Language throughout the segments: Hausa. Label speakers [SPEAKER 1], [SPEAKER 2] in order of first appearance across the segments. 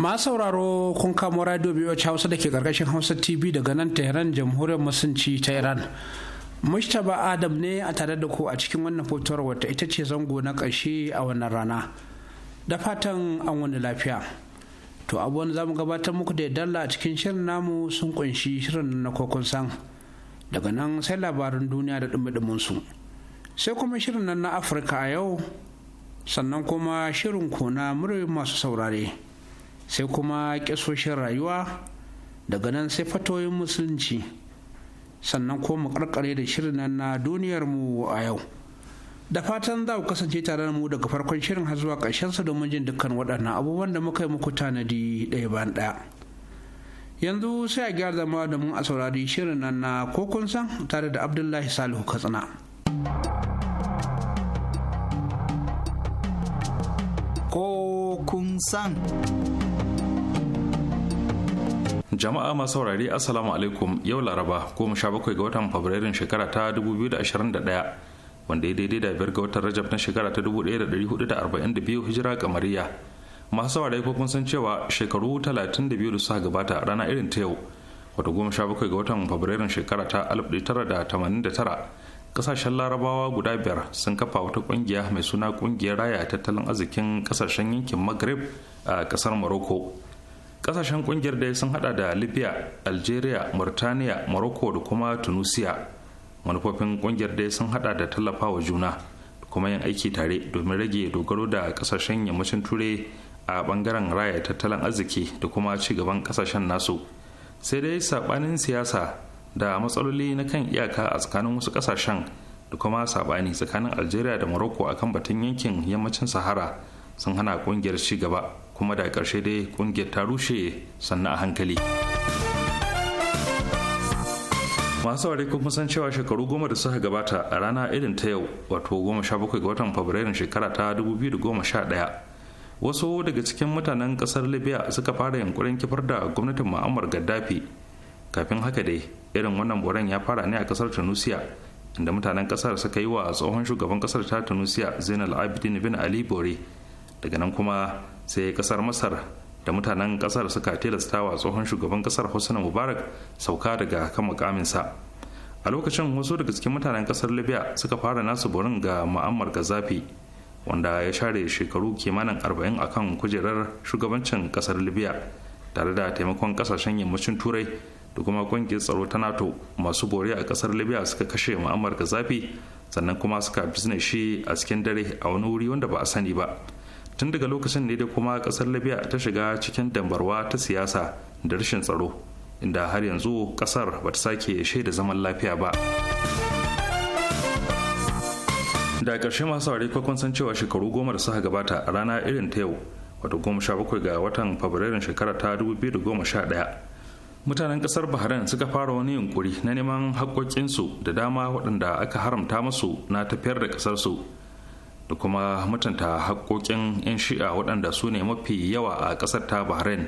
[SPEAKER 1] masu sauraro kun kamo radio biyu hausa da ke karkashin hausa tv daga nan tehran jamhuriyar musulunci ta iran mustapha adam ne a tare da ku a cikin wannan fitowar wata ita ce zango na ƙarshe a wannan rana da fatan an wani lafiya to abubuwan za mu gabatar muku da dalla a cikin shirin namu sun kunshi shirin na kokon san daga nan sai labarin duniya da dumi su sai kuma shirin nan na afirka a yau sannan kuma shirin kona na masu saurare. sai kuma ƙisoshin rayuwa daga nan sai fatoyin musulunci sannan ko mu karkare da shirin nan na duniyarmu a yau da fatan za ku kasance tare da mu daga farkon shirin har zuwa sa domin jin dukkan waɗannan abubuwan da muka yi muku tanadi ɗaya bayan ɗaya yanzu sai a gyara zama da mu a saurari shirin nan na ko kun san tare da abdullahi salihu katsina ko kun
[SPEAKER 2] san
[SPEAKER 3] jama'a masu saurari assalamu alaikum yau laraba goma sha bakwai ga watan fabrairun shekara ta 2021 wanda ya daidai da biyar ga watan rajab na shekara ta 1442 hijira kamariya masu saurari ko kun san cewa shekaru 32 da suka gabata rana irin ta yau wato goma sha bakwai ga watan fabrairun shekara ta 1989 kasashen larabawa guda biyar sun kafa wata kungiya mai suna kungiyar raya tattalin arzikin kasashen yankin maghreb a kasar morocco kasashen kungiyar dai sun hada da libya algeria mauritania morocco da kuma tunisia manufofin kungiyar dai sun hada da tallafawa juna da kuma yin aiki tare domin rage dogaro da kasashen yammacin turai a bangaren raya tattalin arziki da kuma ci gaban kasashen nasu sai dai sabanin siyasa da matsaloli na kan iyaka a tsakanin wasu kasashen da kuma sabani tsakanin algeria da morocco akan batun yankin yammacin sahara sun hana kungiyar ci gaba kuma da ƙarshe dai kungiyar ta rushe sannan a hankali masu ware kun san cewa shekaru goma da suka gabata a rana irin ta yau wato goma sha bakwai ga watan fabrairun shekara ta dubu biyu da goma sha ɗaya wasu daga cikin mutanen ƙasar libya suka fara yankurin kifar da gwamnatin ma'amar gaddafi kafin haka dai irin wannan boran ya fara ne a kasar tunusiya inda mutanen ƙasar suka yi wa tsohon shugaban ƙasar ta tunisia zainal abidin bin ali bore daga nan kuma sai kasar masar da mutanen kasar suka tilasta wa tsohon shugaban kasar hussein mubarak sauka daga kan mukaminsa a lokacin wasu daga cikin mutanen kasar libya suka fara nasu borin ga mu'ammar gazafi wanda ya share shekaru kimanin arba'in akan kujerar shugabancin kasar libya tare da taimakon kasashen yammacin turai da kuma kungiyar tsaro ta nato masu bore a kasar libya suka kashe mu'ammar gazafi sannan kuma suka bizne shi a cikin dare a wani wuri wanda ba a sani ba tun daga lokacin ne da kuma kasar libya ta shiga cikin dambarwa ta siyasa da rashin tsaro inda har yanzu kasar ba ta sake shaida zaman lafiya ba da ƙarshe masu saurari kwakwan san cewa shekaru goma da suka gabata a rana irin ta yau wato goma sha bakwai ga watan fabrairun shekara ta dubu biyu da goma sha ɗaya mutanen ƙasar bahrain suka fara wani yunkuri na neman haƙƙoƙinsu da dama waɗanda aka haramta musu na tafiyar da ƙasarsu da kuma mutunta haƙoƙin 'yan shi'a waɗanda su ne mafi yawa a ƙasar ta bahrain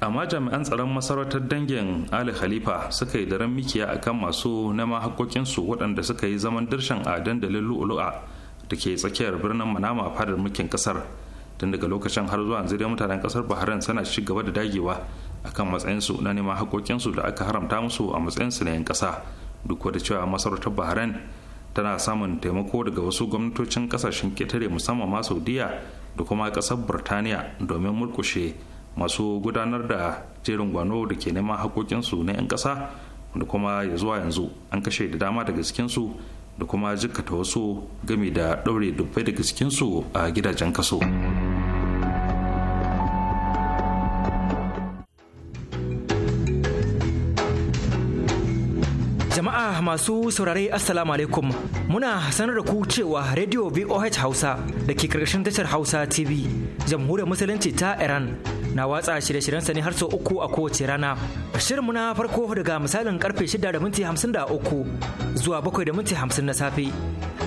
[SPEAKER 3] amma jami'an tsaron masarautar dangin ali khalifa suka yi daren mikiya akan masu neman haƙoƙinsu waɗanda suka yi zaman dirshan a dandalin lu'ulu'a da ke tsakiyar birnin manama fadar mulkin ƙasar tun daga lokacin har zuwa yanzu dai mutanen ƙasar bahrain suna ci gaba da dagewa akan matsayinsu na neman haƙoƙinsu da aka haramta musu a matsayinsu na 'yan ƙasa duk da cewa masarautar bahrain tana samun taimako daga wasu gwamnatocin kasashen ketare musamman ma saudiya da kuma kasar burtaniya domin murkushe masu gudanar da jerin gwano da ke neman haƙoƙinsu na 'yan ƙasa da kuma ya zuwa yanzu an kashe da dama daga cikinsu da kuma jikkata wasu gami da ɗaure dubbai daga cikinsu a gidajen kaso.
[SPEAKER 4] Jama'a masu saurare Assalamu alaikum muna sanar da ku cewa Radio VOH Hausa da ke karkashin tashar Hausa TV jamhuriyar musulunci ta Iran na watsa shirye-shiryen sa ne har sau uku a kowace rana. Shirinmu na farko daga misalin karfe 6 da minti 53 zuwa 7 da minti 50 na safe.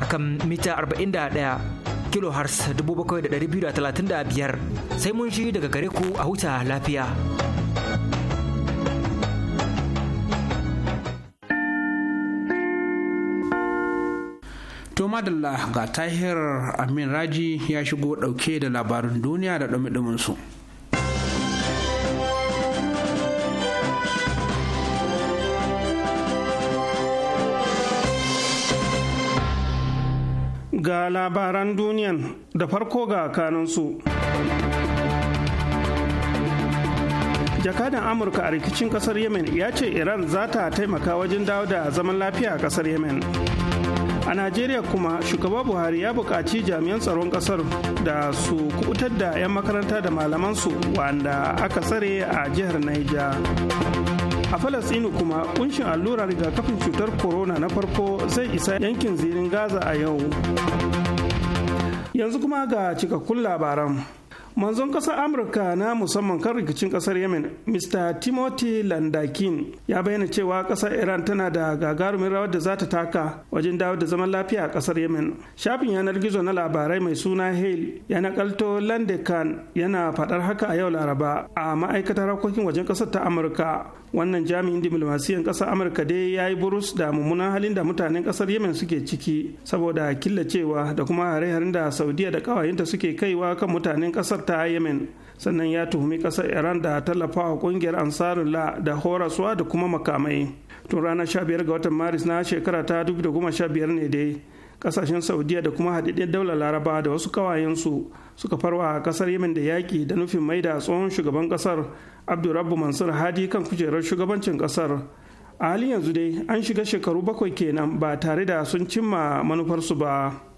[SPEAKER 4] akan mita 41 kilohertz 7,235 sai mun shi daga gare ku a huta lafiya. To ga
[SPEAKER 1] tahir Amin Raji ya shigo dauke da labarin duniya da ɗumi su.
[SPEAKER 5] ga labaran duniyan da farko ga kanansu. jakadan amurka a rikicin kasar yemen ya ce iran za ta taimaka wajen dawo da zaman lafiya a kasar yemen a najeriya kuma shugaba buhari ya buƙaci jami'an tsaron kasar da su kubutar da 'yan makaranta da malamansu wanda aka tsare a jihar niger a falasɗinu kuma kunshin allurar rigakafin cutar corona na farko zai isa yankin zirin gaza a yau yanzu kuma ga cikakkun labaran manzon kasar amurka na musamman kan rikicin kasar yemen mr timothy landakin ya bayyana cewa kasar iran tana da gagarumin rawar da za ta taka wajen dawo da zaman lafiya a kasar yemen shafin yanar gizo na labarai mai suna hale ya nakalto landakin yana fadar haka a yau laraba a ma'aikatar harkokin wajen kasar ta amurka wannan jami'in diplomasiyan ƙasar amurka dai ya yi burus da mummunan halin da mutanen ƙasar yemen suke ciki saboda killacewa da kuma hare-haren da saudiya da ƙawayenta suke kaiwa kan mutanen ƙasar ta yemen sannan ya tuhumi ƙasar iran da tallafawa ƙungiyar ansarullah da horaswa da kuma makamai tun ranar 15 ga watan maris na shekara ta 2015 ne dai kasashen saudiya da kuma haɗaɗɗen daular laraba da wasu kawayensu suka farwa a kasar yamin da yaƙi da nufin mai da tsohon shugaban kasar abdurrabbu mansur hadi kan kujerar shugabancin kasar a halin yanzu dai an shiga shekaru bakwai kenan ba tare da sun cimma manufarsu ba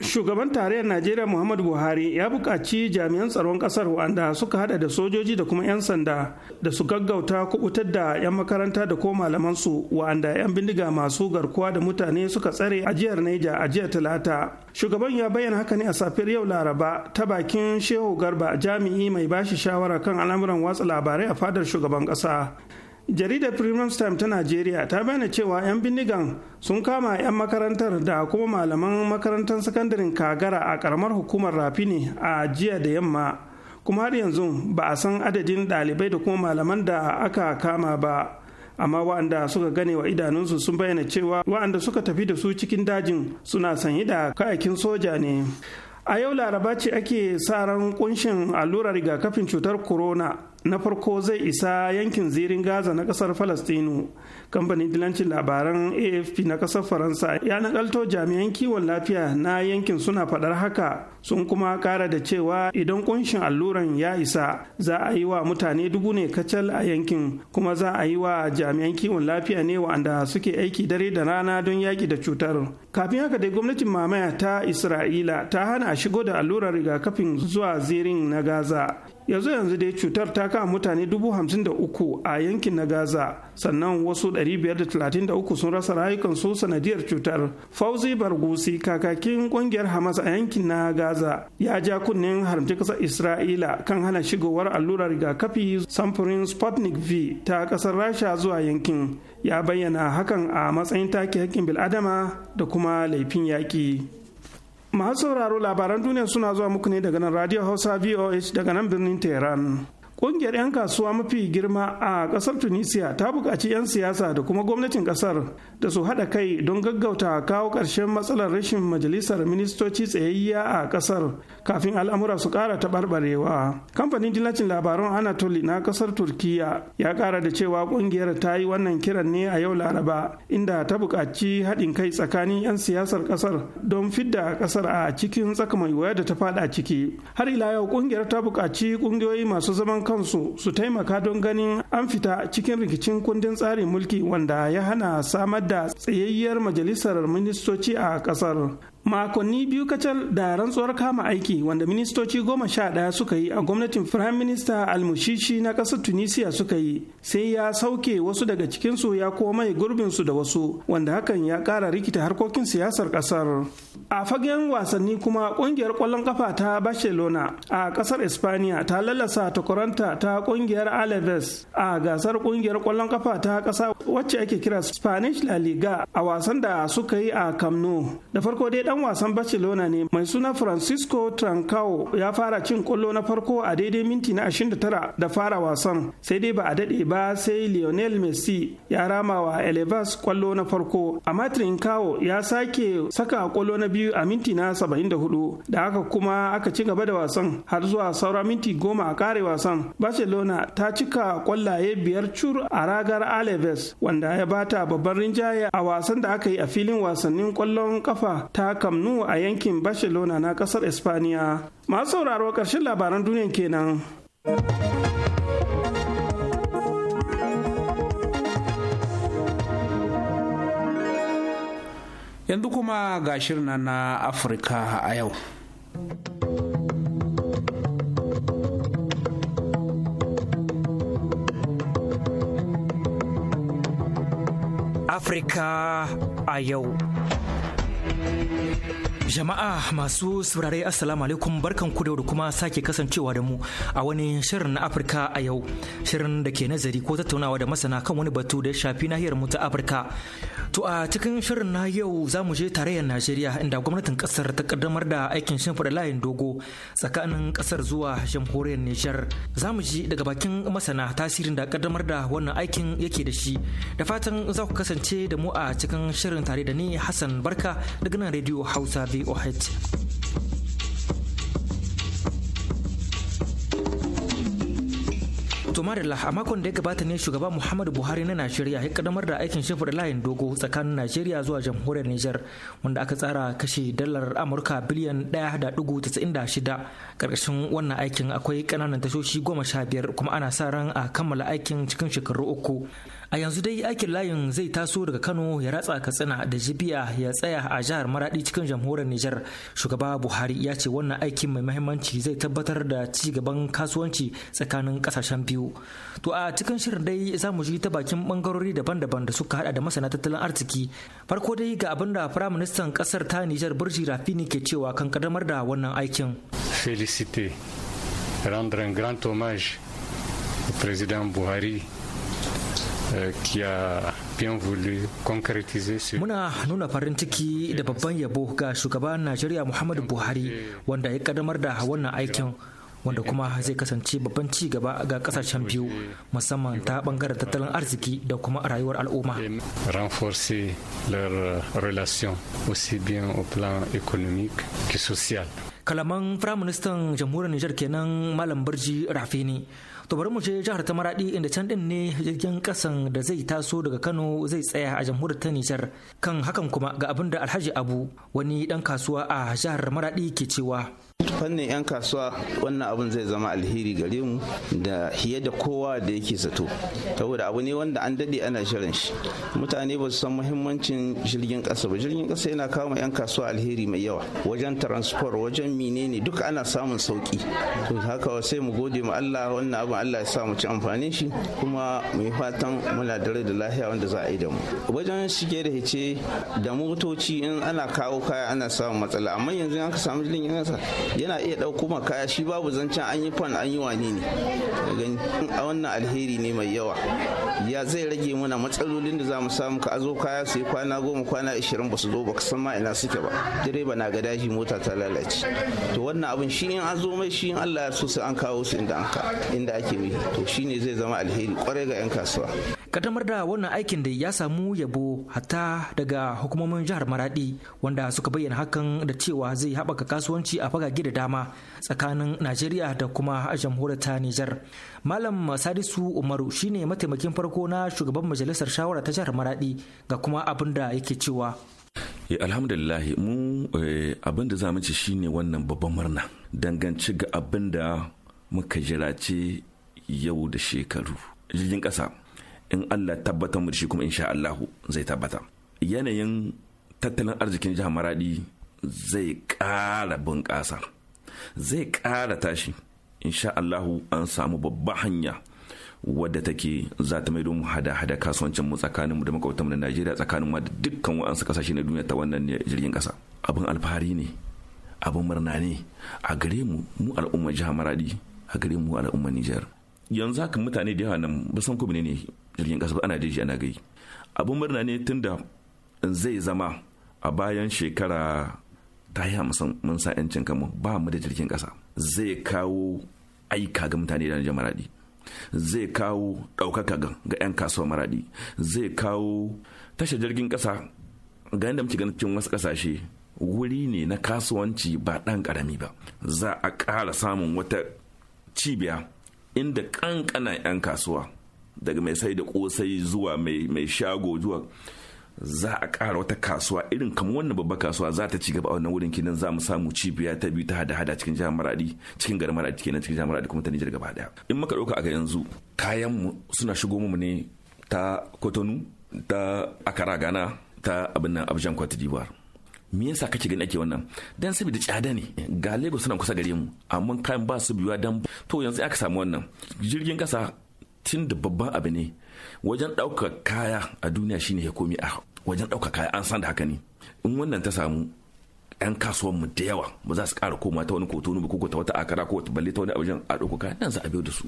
[SPEAKER 5] shugaban tarayyar najeriya muhammadu buhari ya buƙaci jami'an tsaron ƙasar wanda suka haɗa da sojoji da kuma 'yan sanda da su gaggauta kubutar da 'yan makaranta da ko malamansu wa'anda 'yan bindiga masu garkuwa da mutane suka tsare a jihar naija a jiya talata shugaban ya bayyana haka ne a safiyar yau laraba ta bakin shehu garba jami'i mai bashi shawara kan al'amuran watsa labarai a fadar shugaban ƙasa jaridar premium time ta najeriya ta bayyana cewa 'yan bindigan sun kama 'yan makarantar da kuma malaman makarantar sakandaren kagara a karamar hukumar Rafi ne a jiya da yamma kuma har yanzu ba a san adadin ɗalibai da kuma malaman da aka kama ba amma wa'anda suka gane wa idanunsu sun bayyana cewa waɗanda suka tafi da su cikin dajin suna sanyi da kayakin soja ne a yau laraba ce ake sa ran kunshin allurar rigakafin cutar corona na farko zai isa yankin zirin gaza na kasar falastinu kamfanin dilancin labaran afp na kasar faransa ya nakalto jami'an kiwon lafiya na yankin suna faɗar haka sun kuma ƙara da cewa idan kunshin alluran ya isa za a yi wa mutane dubu ne kacal a yankin kuma za a yi wa jami'an kiwon lafiya ne wa'anda suke aiki dare da rana don yaki da cutar kafin haka dai gwamnatin mamaya ta isra'ila ta hana shigo da allurar rigakafin zuwa zirin na gaza yanzu yanzu dai cutar ta kama mutane dubu hamsin a yankin na gaza sannan wasu 533 sun rasa rayukan su sanadiyar cutar fauzi bargusi kakakin kungiyar hamas a yankin na gaza ya ja kunnen haramci kasa isra'ila kan hana shigowar allurar rigakafi samfurin sputnik v ta kasar rasha zuwa yankin ya bayyana hakan a matsayin take hakkin bil'adama da kuma laifin yaƙi masu sauraro labaran duniya suna zuwa muku ne daga nan radio hausa voh daga nan birnin tehran Ƙungiyar 'yan kasuwa mafi girma a ƙasar Tunisia ta buƙaci 'yan siyasa da kuma gwamnatin ƙasar da su haɗa kai don gaggauta kawo ƙarshen matsalar rashin majalisar ministoci tsayayya a ƙasar kafin al'amura su ƙara taɓarɓarewa. Kamfanin dillacin labaran Anatoli na ƙasar Turkiyya ya ƙara da cewa ƙungiyar ta yi wannan kiran ne a yau Laraba inda ta buƙaci haɗin kai tsakanin 'yan siyasar ƙasar don fidda ƙasar a cikin tsaka mai wuya da ta faɗa ciki. Har ila yau ƙungiyar ta buƙaci ƙungiyoyi masu zaman kansu su taimaka don ganin an fita cikin rikicin kundin tsarin mulki wanda ya hana samar da tsayayyiyar majalisar ministoci a kasar makonni biyu kacal da rantsuwar kama aiki wanda ministoci goma sha ɗaya suka yi a gwamnatin firayim minista almushishi na ƙasar tunisia suka yi sai ya sauke wasu daga cikinsu ya koma mai gurbinsu da wasu wanda hakan ya ƙara rikita harkokin siyasar ƙasar a fagen wasanni kuma ƙungiyar kwallon kafa ta barcelona a ƙasar espaniya ta lallasa takwaranta ta ƙungiyar alaves a gasar ƙungiyar kwallon kafa ta ƙasa wacce ake kira spanish la liga a wasan da suka yi a kamno da farko dai dan wasan barcelona ne mai suna francisco trancao ya fara cin kwallo na farko a daidai minti na 29 da fara wasan sai dai ba a dade ba sai lionel messi ya rama wa elevas kwallo na farko amma trincao ya sake saka kwallo na biyu a minti na 74 da haka kuma aka ci gaba da wasan har zuwa saura minti goma a kare wasan barcelona ta cika kwallaye biyar cur a ragar alaves wanda ya bata babban rinjaye a wasan da aka yi a filin wasannin kwallon kafa ta kamnu a yankin Barcelona na kasar Espaniya. Masu sauraro karshen labaran duniyan kenan.
[SPEAKER 1] Yanzu kuma ga shirna na Afirka a yau.
[SPEAKER 4] Afirka a yau. Thank you. Jama'a masu saurare Assalamu alaikum barkan ku da kuma sake kasancewa da mu a wani shirin na Afirka a yau shirin da ke nazari ko tattaunawa da masana kan wani batu da shafi nahiyar mu ta Afirka. To a cikin shirin na yau za mu je tarayyar Najeriya inda gwamnatin kasar ta kaddamar da aikin shimfiɗa layin dogo tsakanin kasar zuwa jamhuriyar Nijar. Za mu ji daga bakin masana tasirin da kaddamar da wannan aikin yake da shi. Da fatan za ku kasance da mu a cikin shirin tare da ni Hassan Barka daga nan Radio Hausa xid Somalia a makon da ya gabata ne shugaba Muhammadu Buhari na Najeriya ya kaddamar da aikin shimfiɗa layin dogo tsakanin Najeriya zuwa jamhuriyar niger wanda aka tsara kashe dalar Amurka biliyan 1.96 karkashin wannan aikin akwai ƙananan tashoshi goma sha biyar kuma ana sa ran a kammala aikin cikin shekaru uku. a yanzu dai aikin layin zai taso daga kano ya ratsa katsina da jibiya ya tsaya a jihar maradi cikin jamhuriyar nijar shugaba buhari ya ce wannan aikin mai mahimmanci zai tabbatar da ci gaban kasuwanci tsakanin kasashen biyu to a cikin shirin dai za mu ji ta bakin bangarori daban-daban da suka hada da masana tattalin arziki farko dai ga abin da firaministan kasar ta nijar burji rafini ke cewa kan kaddamar da wannan aikin
[SPEAKER 6] felicite rendre un grand
[SPEAKER 4] hommage au président buhari Euh, qui a bien voulu concrétiser ce muna nuna farin ciki da babban yabo ga shugaban Najeriya Muhammadu Buhari wanda ya kadamar da wannan aikin wanda kuma zai kasance babban ci gaba ga kasashen biyu musamman ta bangaren tattalin arziki da kuma rayuwar al'umma.
[SPEAKER 6] renforcer leur relation aussi bien au plan économique
[SPEAKER 4] que social. kalaman firaministan jamhuriyar Nijar kenan malam birji rafini to bari mu je jihar ta maradi inda can din ne jirgin kasan da zai taso daga kano zai tsaya a jamhuriyar ta nijar kan hakan kuma ga abin da alhaji abu wani dan kasuwa
[SPEAKER 7] a jihar maradi ke cewa fannin 'yan kasuwa wannan abin zai zama alheri gare mu da hiye da kowa da yake zato saboda abu ne wanda an dade ana shirin shi mutane ba su san muhimmancin jirgin kasa ba jirgin kasa yana kawo 'yan kasuwa alheri mai yawa wajen transport wajen menene duk ana samun sauki to haka sai mu gode ma Allah wannan abu Allah ya sa mu ci amfanin shi kuma mu yi fatan muna da rai da lahiya wanda za a yi da mu wajen shige da hice da motoci in ana kawo kaya ana samun matsala amma yanzu in aka samu jirgin kasa yana iya dauko ma kaya shi babu zancen an yi fan an yi wani ne a wannan alheri ne mai yawa ya zai rage mana matsalolin da za mu samu ka azo kaya su yi kwana goma kwana ashirin ba su zo ba ka san ma ina suke ba direba na ga daji mota ta lalace to wannan abin shi in an zo mai shi in Allah ya so sai an kawo su inda an ka inda ake to shine zai zama alheri kwarai ga 'yan kasuwa kaddamar da wannan aikin da ya
[SPEAKER 4] samu yabo hatta daga hukumomin jihar maradi wanda suka bayyana hakan da cewa zai haɓaka kasuwanci a fagage da dama tsakanin najeriya da kuma jamhuriyar ta nijar malam sadisu umaru shine mataimakin farko na shugaban majalisar shawara ta jihar maradi ga kuma abin da yake cewa
[SPEAKER 8] eh, alhamdulillah mu eh, abin da za mu ci shine wannan babban murna dangance ga abin da muka jirace yau da shekaru jirgin ƙasa in Allah tabbatar mu da shi kuma insha Allahu zai tabbata yanayin tattalin arzikin jihar Maradi zai ƙara bunƙasa zai ƙara tashi insha Allahu an samu babban hanya wadda take za ta maido mu hada-hada kasuwancin mu tsakanin mu da makwabtan mu na Najeriya tsakanin mu da dukkan wa'ansu kasashe na duniya ta wannan jirgin kasa abin alfahari ne abin murna ne a gare mu mu al'umma jihar Maradi a gare mu al'umma Nijar yanzu haka mutane da yawa nan ba san ko ne jirgin kasa ba ana da ana gai abin murna ne da zai zama a bayan shekara ta yi hamsin mun sa yancin kanmu ba mu da jirgin kasa zai kawo aika ga mutane da maradi zai kawo ɗaukaka ga 'yan kasuwa maradi zai kawo tashar jirgin kasa ga yadda muke ganin cikin wasu kasashe. wuri ne na kasuwanci ba dan ƙarami ba za a ƙara samun wata cibiya inda kankana 'yan kasuwa daga mai sai da kosai zuwa mai shago zuwa za a ƙara wata kasuwa irin kamar wannan babba kasuwa za ta ci gaba a wannan wurin kinan za mu samu cibiya ta biyu ta hada hada cikin jihar Maradi cikin garin Maradi kenan cikin jihar Maradi kuma ta Nijar gaba daya in muka dauka a yanzu kayan mu suna shigo mu ne ta Kotonu ta Akara Gana, ta abin nan Abidjan Cote me yasa kake gani ake wannan dan saboda tsada ne ga Lagos suna kusa gare mu amma kayan ba su biyuwa dan to yanzu aka samu wannan jirgin kasa tun da babban abu ne wajen dauka kaya a duniya shine ya komi a wajen dauka kaya an san da haka ne in wannan ta samu 'yan mu da yawa ba za su ƙara koma ta wani kotonu ba ko ta wata akara ko ta balle ta wani abin a dauko kaya nan za a biyo da su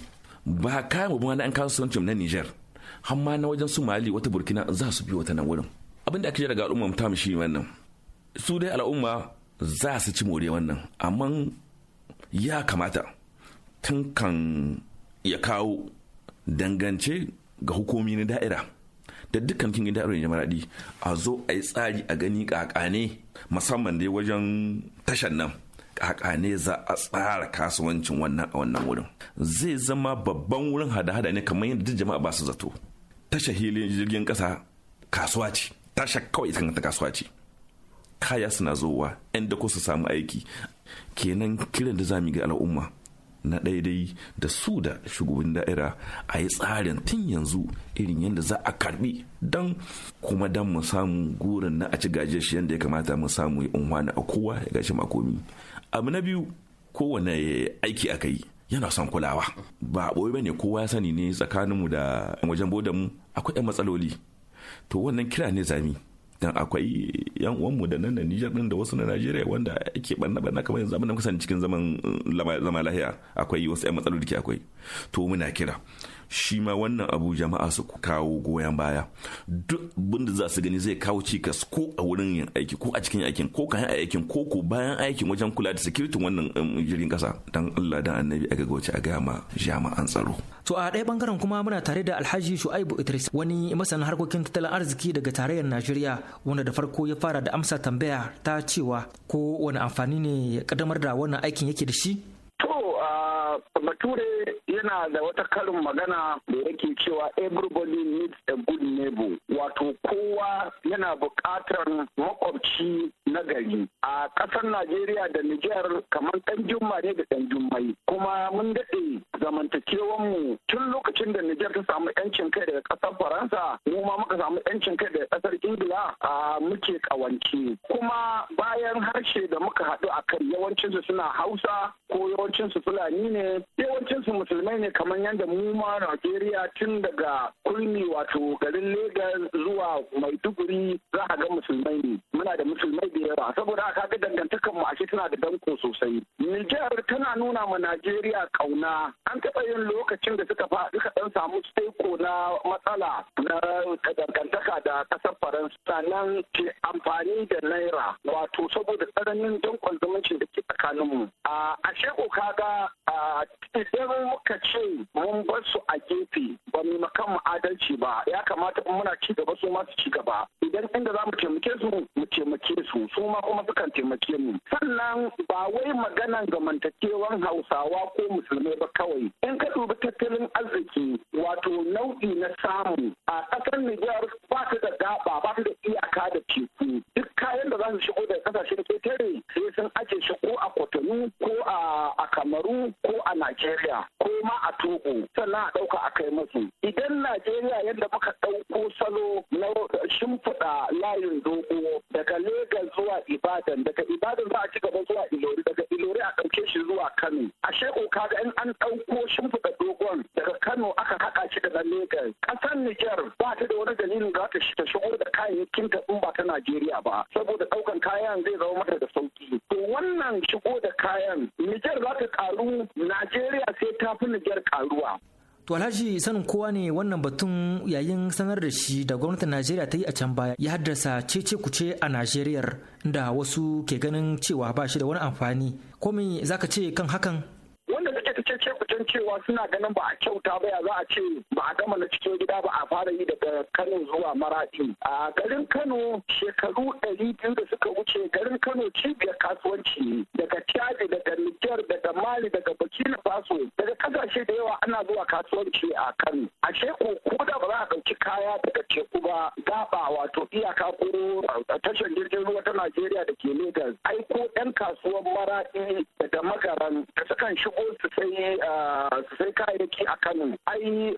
[SPEAKER 8] ba kayan ba na 'yan kasuwancin na Niger har ma na wajen su Mali wata Burkina za su biyo ta nan wurin abin da aka ji daga al'ummar mu ta mu shi wannan su dai al'umma za su ci more wannan amma ya kamata tun kan ya kawo dangance ga hukumi na da'ira da dukkan kingin da'irar jamaradi a zo a yi tsari a gani kakane musamman dai wajen tashan nan kakane za a tsara kasuwancin wannan a wannan wurin zai zama babban wurin hada-hada ne kamar yadda jama'a ba su zato Tasha hilin jirgin kasa kasuwa ce tashar kawai ta kasuwa ce kaya suna zowa yan dako su samu aiki kenan kiran da zamu ga al'umma na daidai da su da shugaban da'ira a yi tsarin tun yanzu irin yadda za a karbi don kuma don mu samu gurin na a ci gaje shi yadda ya kamata mu samu ya na a kowa ya gashi makomi abu na biyu kowane aiki aka yi yana son kulawa ba ɓoye bane kowa ya sani ne tsakaninmu da wajen bodanmu akwai 'yan matsaloli to wannan kira ne zami dan akwai yan uwanmu da nan da Nijar din da wasu na Najeriya wanda ake banna banna kamar yanzu abin da muka cikin zaman eh, zama lahiya akwai wasu yan matsaloli ke akwai to muna kira shi ma wannan abu jama'a su kawo goyon baya duk bunda za su gani zai kawo cikas ko a wurin yin aiki ko a cikin aikin ko kayan aikin ko ko bayan aikin wajen kula da sikiritin wannan um, jirgin kasa dan Allah dan annabi a wace a ga ma jama'an tsaro
[SPEAKER 4] to a ɗaya bangaren kuma muna tare da Alhaji Shu'aibu Idris wani masanin harkokin tattalin arziki daga tarayyar Najeriya wanda da farko ya fara da amsa tambaya ta cewa ko wani amfani ne ya kaddamar da wannan aikin yake da shi
[SPEAKER 9] Uh, bature yana da wata karin magana da yake cewa everybody needs a good neighbor wato kowa yana buƙatar makwabci na gari a ƙasar najeriya da nijar kamar ɗan juma ne da ɗan jummai kuma mun daɗe zamantakewanmu tun lokacin da nijar ta samu 'yancin kai daga ƙasar faransa mu ma muka samu 'yancin kai daga ƙasar ingila a muke ƙawance kuma bayan harshe da muka haɗu a kan yawancinsu suna hausa ko yawancinsu fulani ne ne yawancin musulmai ne kamar yadda mu ma Najeriya tun daga kulmi wato garin Legas zuwa Maiduguri za a ga musulmai ne muna da musulmai da yawa saboda haka ga dangantakan mu ashe tana da danko sosai Nijar tana nuna ma Najeriya kauna an taɓa yin lokacin da suka suka dan samu steko na matsala na dangantaka da kasar Faransa sannan ke amfani da naira wato saboda tsananin dankon zumuncin da ke tsakaninmu a sheku kaga idan muka ce mun bar su a gefe ba mu kan adalci ba ya kamata in muna ci gaba su ma su ci gaba idan inda za mu taimake su mu taimake su su ma kuma sukan taimake mu sannan ba wai maganan gamantakewan hausawa ko musulmai ba kawai in ka dubi tattalin arziki wato nau'i na samu a kasar Nijar ba ta da gaba ba ta da iyaka da teku za shigo daga kasashe da ketare sai sun aje shi ko a Kotonu ko a Kamaru ko a Najeriya ko ma a Togo sannan a ɗauka a kai musu. Idan Najeriya yadda muka ɗauko salo na shimfiɗa layin dogo daga Legas zuwa Ibadan daga Ibadan za a ci gaba zuwa Ilori daga sai a ɗauke shi zuwa Kano. a sheko kaga in an ɗauko shimfiɗa
[SPEAKER 6] dogon daga Kano aka haɗa shi daga Lagos. Ƙasar Nijar ba ta da wani dalilin za ta shigo da kayayyakin ta in ba ta Najeriya ba saboda ɗaukan kayan zai zama mata da sauƙi. To wannan shigo da kayan Nijar za ta ƙaru Najeriya sai ta fi Nijar
[SPEAKER 9] ƙaruwa.
[SPEAKER 4] To Alhaji sanin kowa ne wannan batun yayin sanar da shi da gwamnatin Najeriya ta yi a can baya ya haddasa cece kuce a Najeriya da wasu ke ganin cewa ba shi da wani amfani. Ko za zaka ce kan hakan?
[SPEAKER 9] Wanda take cece san cewa suna ganin ba a kyauta ba ya za a ce ba a gama na cikin gida ba a fara yi daga Kano zuwa Maradi. A garin Kano shekaru ɗari biyu da suka wuce garin Kano cibiyar kasuwanci daga Chad daga Niger daga Mali daga Burkina Faso daga kasashe da yawa ana zuwa kasuwanci a Kano. A sheku ko da ba za a ɗauki kaya daga teku ba gaba wato iyaka ko tashar jirgin ruwa ta Najeriya da ke legas aiko ɗan kasuwan Maradi daga magaran da sukan shigo su sai ah, sai kayayyaki a Kano ai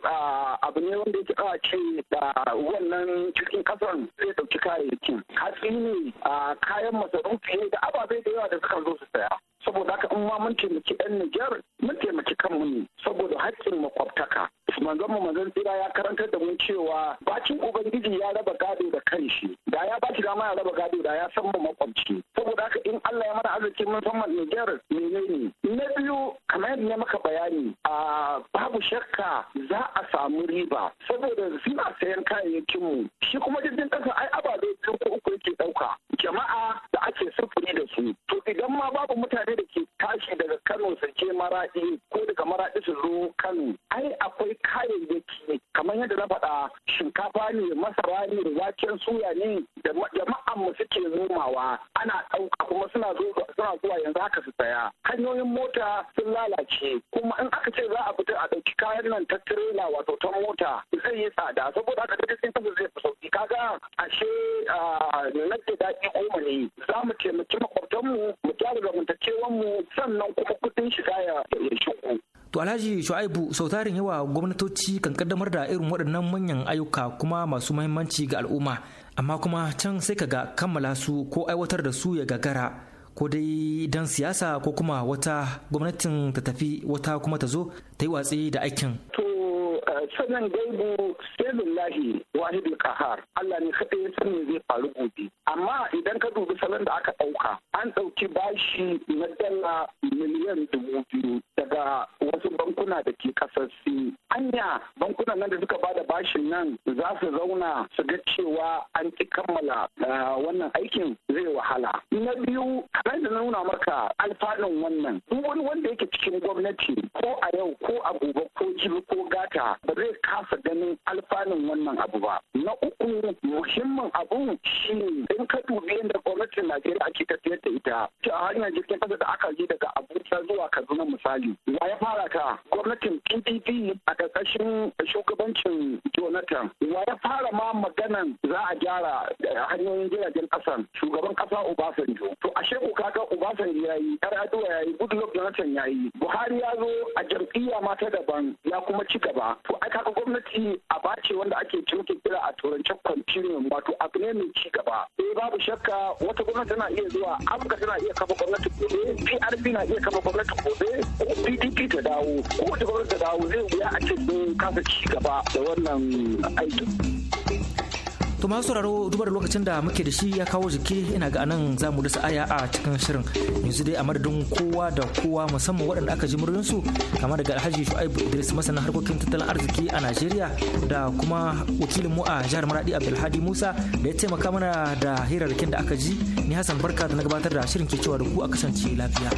[SPEAKER 9] abu ne wanda ya a ce da wannan cikin kasan zai dauki kayayyakin hatsi ne a kayan masarufi da ababe da yawa da suka zo su saya saboda haka in ma mun taimaki ɗan Nijar mun taimaki kanmu ne saboda haƙƙin makwabtaka manzon mu manzon tsira ya karantar da mun cewa bakin ubangiji ya raba gado da kanshi da ya bashi dama ya raba gado da ya san mu makwabci saboda haka in Allah ya mana arziki mun san Niger menene na biyu kamar yadda na maka bayani a babu shakka za a samu riba saboda suna sayan kayayyakin mu shi kuma jirgin kasa ai ababe biyu ko uku yake dauka jama'a da ake sufuri da su to idan ma babu mutane da ke tashi daga Kano su je Maradi ko daga Maradi su zo Kano ai akwai dai kayayyaki ne kamar yadda na faɗa shinkafa ne masara ne waken suya ne da jama'an mu suke zomawa ana ɗauka kuma suna suna zuwa yanzu haka su saya hanyoyin mota
[SPEAKER 6] sun lalace kuma in aka ce za a fita a ɗauki kayan nan ta tirela wato ta mota zai yi tsada saboda haka sun cikin zai fi sauki
[SPEAKER 9] kaga ashe na da daɗi goma ne za mu taimaki makwabtanmu mu gyara zamantakewanmu sannan kuma kuɗin shiga ya shigo
[SPEAKER 4] To Alhaji Shu'aibu sau tarin yawa gwamnatoci kan kaddamar da irin waɗannan manyan ayyuka kuma masu mahimmanci ga al'umma amma kuma can sai ka ga kammala su ko aiwatar da su ya gagara ko dai dan siyasa ko kuma wata gwamnatin ta tafi wata kuma ta zo ta yi watsi da
[SPEAKER 9] aikin. To sanan gaibu sai lillahi wahidul kahar Allah ne kaɗai ya san zai faru gobe amma idan ka dubi salon da aka ɗauka an ɗauki bashi na dala miliyan dubu biyu daga wasu bankuna da ke ƙasar sin anya bankunan nan da suka bada bashin nan za su zauna su ga cewa an ki kammala eh, wannan aikin zai wahala na biyu kan da nuna maka alfanun wannan duk wani wanda yake cikin gwamnati ko a yau ko a gobe ko jibi ko gata ba zai kasa ganin alfanun wannan abu ba na uku muhimmin abu shi in ka dubi yadda gwamnatin najeriya ake tafiyar da ita ta hanyar jirgin kasa da aka yi daga abuja zuwa kaduna misali wa ya fara ta gwamnatin pdp a ƙarƙashin shugabancin jonathan wa ya fara ma maganan za a gyara hanyoyin jiragen ƙasan shugaban ƙasa obasanjo to a ko kaga obasanjo ya yi yar aduwa ya yi goodluck jonathan ya yi buhari ya zo a jam'iyya ma ta daban ya kuma ci gaba to ai ga gwamnati a bace wanda ake cikin kira a turance continuum wato abu ne mai ci gaba eh babu shakka wata gwamnati tana iya zuwa Amka tana iya kafa gwamnati gobe prp na iya kafa gwamnati gobe ko pdp ta dawo ko wata gwamnati ta dawo zai wuya a ce don kasa ci gaba da wannan aikin
[SPEAKER 4] To masu sauraro duba da lokacin da muke da shi ya kawo jiki ina ga anan za mu dasa aya a cikin shirin yanzu dai a madadin kowa da kowa musamman waɗanda aka ji su kama daga Alhaji Shu'aibu Idris masanin harkokin tattalin arziki a Najeriya da kuma wakilin mu a jihar Maradi Abdulhadi Musa da ya taimaka mana da hirarrakin da aka ji ni Hassan Barka da na gabatar da shirin ke cewa da ku a kasance lafiya.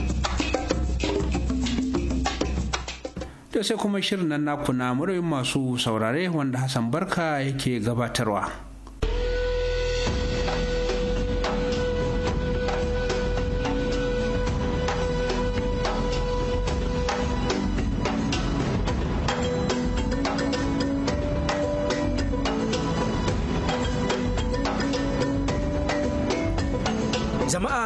[SPEAKER 4] To sai kuma shirin
[SPEAKER 1] nan naku na murayin masu saurare wanda Hassan Barka yake gabatarwa.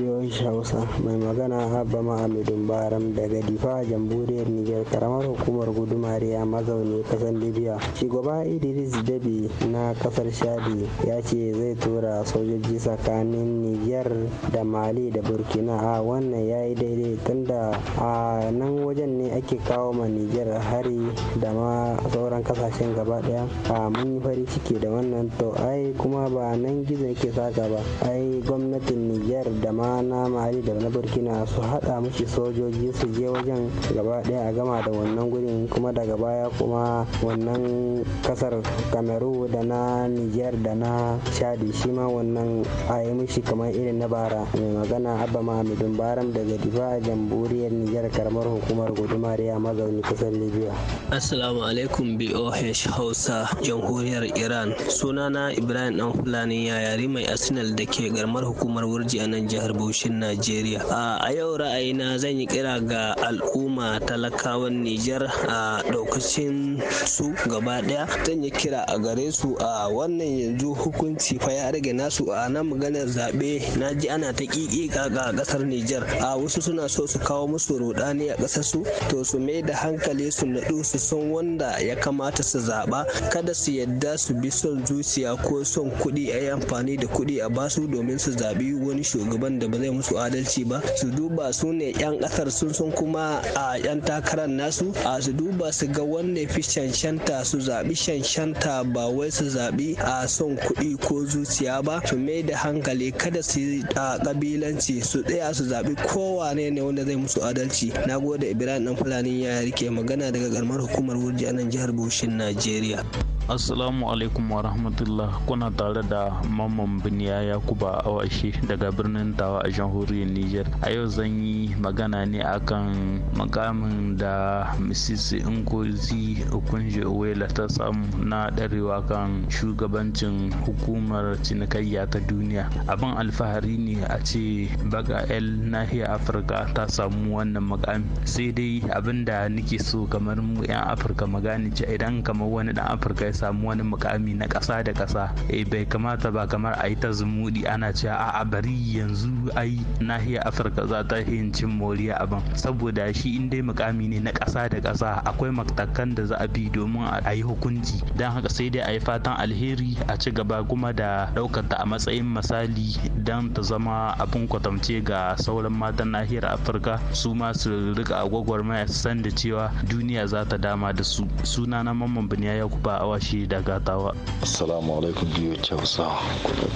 [SPEAKER 10] biyoyi hausa mai magana habama ma'amidun baram daga difa jamhuriyar niger karamar hukumar gudumariya mazauni kasan libya shugaba idris dabi na kasar shadi ya ce zai tura sojoji tsakanin niger da mali da burkina a wannan ya yi daidai tun da a nan wajen ne ake kawo ma niger hari da ma sauran kasashen gaba daya a mun yi fari ciki da wannan to ai kuma ba nan gizo yake saka ba ai gwamnatin niger da ma na mali da na burkina su haɗa mushi sojoji su je wajen gaba ɗaya a gama da wannan gurin kuma daga baya kuma wannan kasar kameru da na niger da na chadi shi ma wannan a yi mushi kamar irin na bara mai magana abba mahamudin baram daga diva a jamhuriyar niger karamar hukumar ya mazauni kusan libya assalamu alaikum boh hausa jamhuriyar iran sunana ibrahim dan fulani yayari mai arsenal da ke garmar hukumar wurji a nan jihar Bauchin Najeriya. A yau ra'ayina zan yi kira ga al'umma talakawan Nijar a daukacin su gaba daya zan yi kira a gare su a wannan yanzu hukunci fa ya rage nasu a nan maganar zaɓe na ji ana ta ƙiƙiƙa ga ƙasar Nijar a wasu suna so su kawo musu rudani a ƙasar su to su mai da hankali su naɗu su san wanda ya kamata su zaɓa kada su yadda su bi son zuciya ko son kuɗi a yi amfani da kuɗi a basu domin su zaɓi wani shugaban da ba zai musu adalci ba su duba su ne 'yan ƙasar sun sun kuma a 'yan takarar nasu a su duba su ga wanne fi shanshanta su zaɓi shanshanta ba wai su zaɓi a son kuɗi ko zuciya ba su mai da hankali kada su yi a ƙabilanci su tsaya su zaɓi kowane ne wanda zai musu adalci na gode ibrahim dan fulani ya rike magana daga karamar hukumar wurji a nan jihar bauchin najeriya.
[SPEAKER 2] assalamu alaikum wa rahmatullah kuna tare da mamman biniya yakuba awashi daga birnin tawa a jamhuriyar niger a yau zan yi magana ne akan makamin da mrs Ngozi okunje uwela ta samu na ɗarewa kan shugabancin hukumar cinikayya ta duniya abin alfahari ne a ce baga el nahiyar afirka ta samu wannan makami sai dai abin da nake so kamar mu 'yan afirka magani ce idan kamar wani dan afirka ya samu wani mukami na ƙasa da ƙasa eh bai kamata ba kamar a yi ta zumudi ana cewa a bari yanzu ai nahiyar afirka za ta cin moriya abin saboda shi in dai mukami ne na ƙasa da ƙasa akwai matakan da za a bi domin a yi hukunci don haka sai dai a yi fatan alheri a ci gaba kuma da ɗaukar ta a matsayin misali don ta zama abin kwatance ga sauran matan nahiyar afirka su ma su rika gwagwarmaya su san da cewa duniya za ta dama da su sunana mamman biniya ya kuba awashi shi da
[SPEAKER 7] gatawa. assalamu alaikum biyu hausa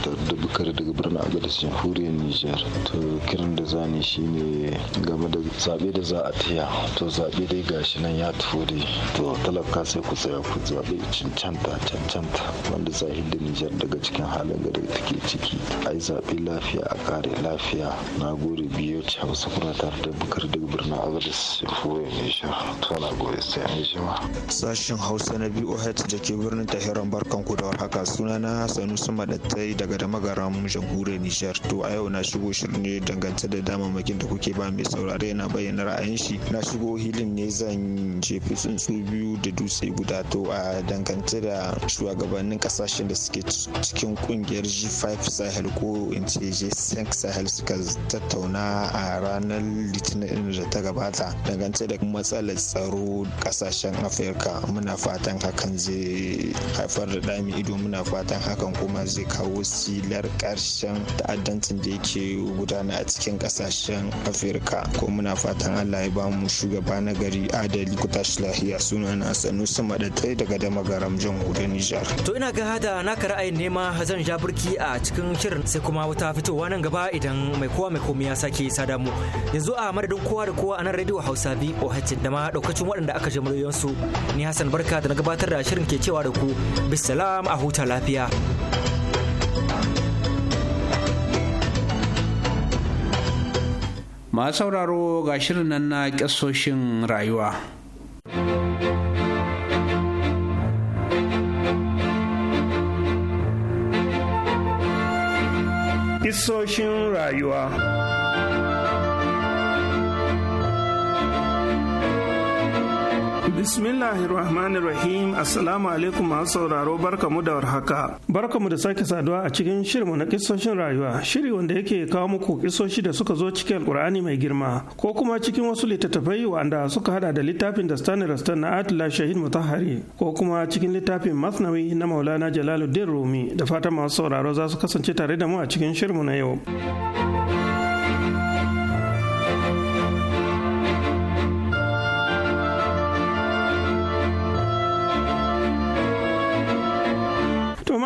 [SPEAKER 7] da bukari daga birnin agadis jamhuriyar Nijar, to kiran da zani ne game da zaɓe da za a taya to zaɓe dai gashi nan ya dai. to talaka sai ku tsaya ku zaɓe cancanta cancanta wanda zahid da Nijar daga cikin halin da take ciki a zaɓe lafiya a kare lafiya na gode biyu hausa kuma tare da bukari daga birnin agadis jamhuriyar Nijar. to na gode sai an yi
[SPEAKER 10] sashen hausa na biyu da ke ke birnin Tahiran barkan ku da warhaka sunana Sanusi Madattai daga da magaran jamhuriyar Nijar. To a yau na shigo shirin ne dangance da makin da kuke ba mai saurare na bayyana ra'ayin shi. Na shigo hilin ne zan jefi tsuntsu biyu da dutse guda to a dangance da shugabannin kasashen da suke cikin kungiyar G5 Sahel ko in ce G5 Sahel suka tattauna a ranar Litinin da ta gabata dangance da matsalar tsaro kasashen Afirka muna fatan hakan zai haifar da dami ido muna fatan hakan kuma zai kawo silar karshen ta'addancin da yake gudana a cikin kasashen afirka ko muna fatan allah ya bamu shugaba na gari adali ku tashi lahiya suna na da maɗatai daga dama garam jamhuriyar nijar.
[SPEAKER 4] to ina ga hada na naka ra'ayin nema zan ja birki a cikin shirin sai kuma wata fitowa nan gaba idan mai kowa mai komai ya sake sada mu yanzu a madadin kowa da kowa a nan radio hausa bi ohatin da ma daukacin waɗanda aka ji muryoyinsu ni hassan barka da na gabatar da shirin ke cewa cewa da ku bisalam a huta lafiya. Masu
[SPEAKER 1] sauraro ga shirin nan na kyasoshin rayuwa.
[SPEAKER 5] Ƙisoshin rayuwa. Bismillahirrahmanirrahim Assalamu alaikum masu sauraro barkamu da warhaka. Barkamu da sake saduwa a cikin shirmu na kisoshin rayuwa, shiri wanda yake kawo muku kisoshi da suka zo cikin Alkur'ani mai girma, ko kuma cikin wasu littattafai wanda suka hada da littafin da Stanley Rastan na Atila Shahid Mutahari, ko kuma cikin littafin Masnawi na Maulana Jalaluddin Rumi, da fatan masu sauraro za su kasance tare da mu a cikin shirmu na yau.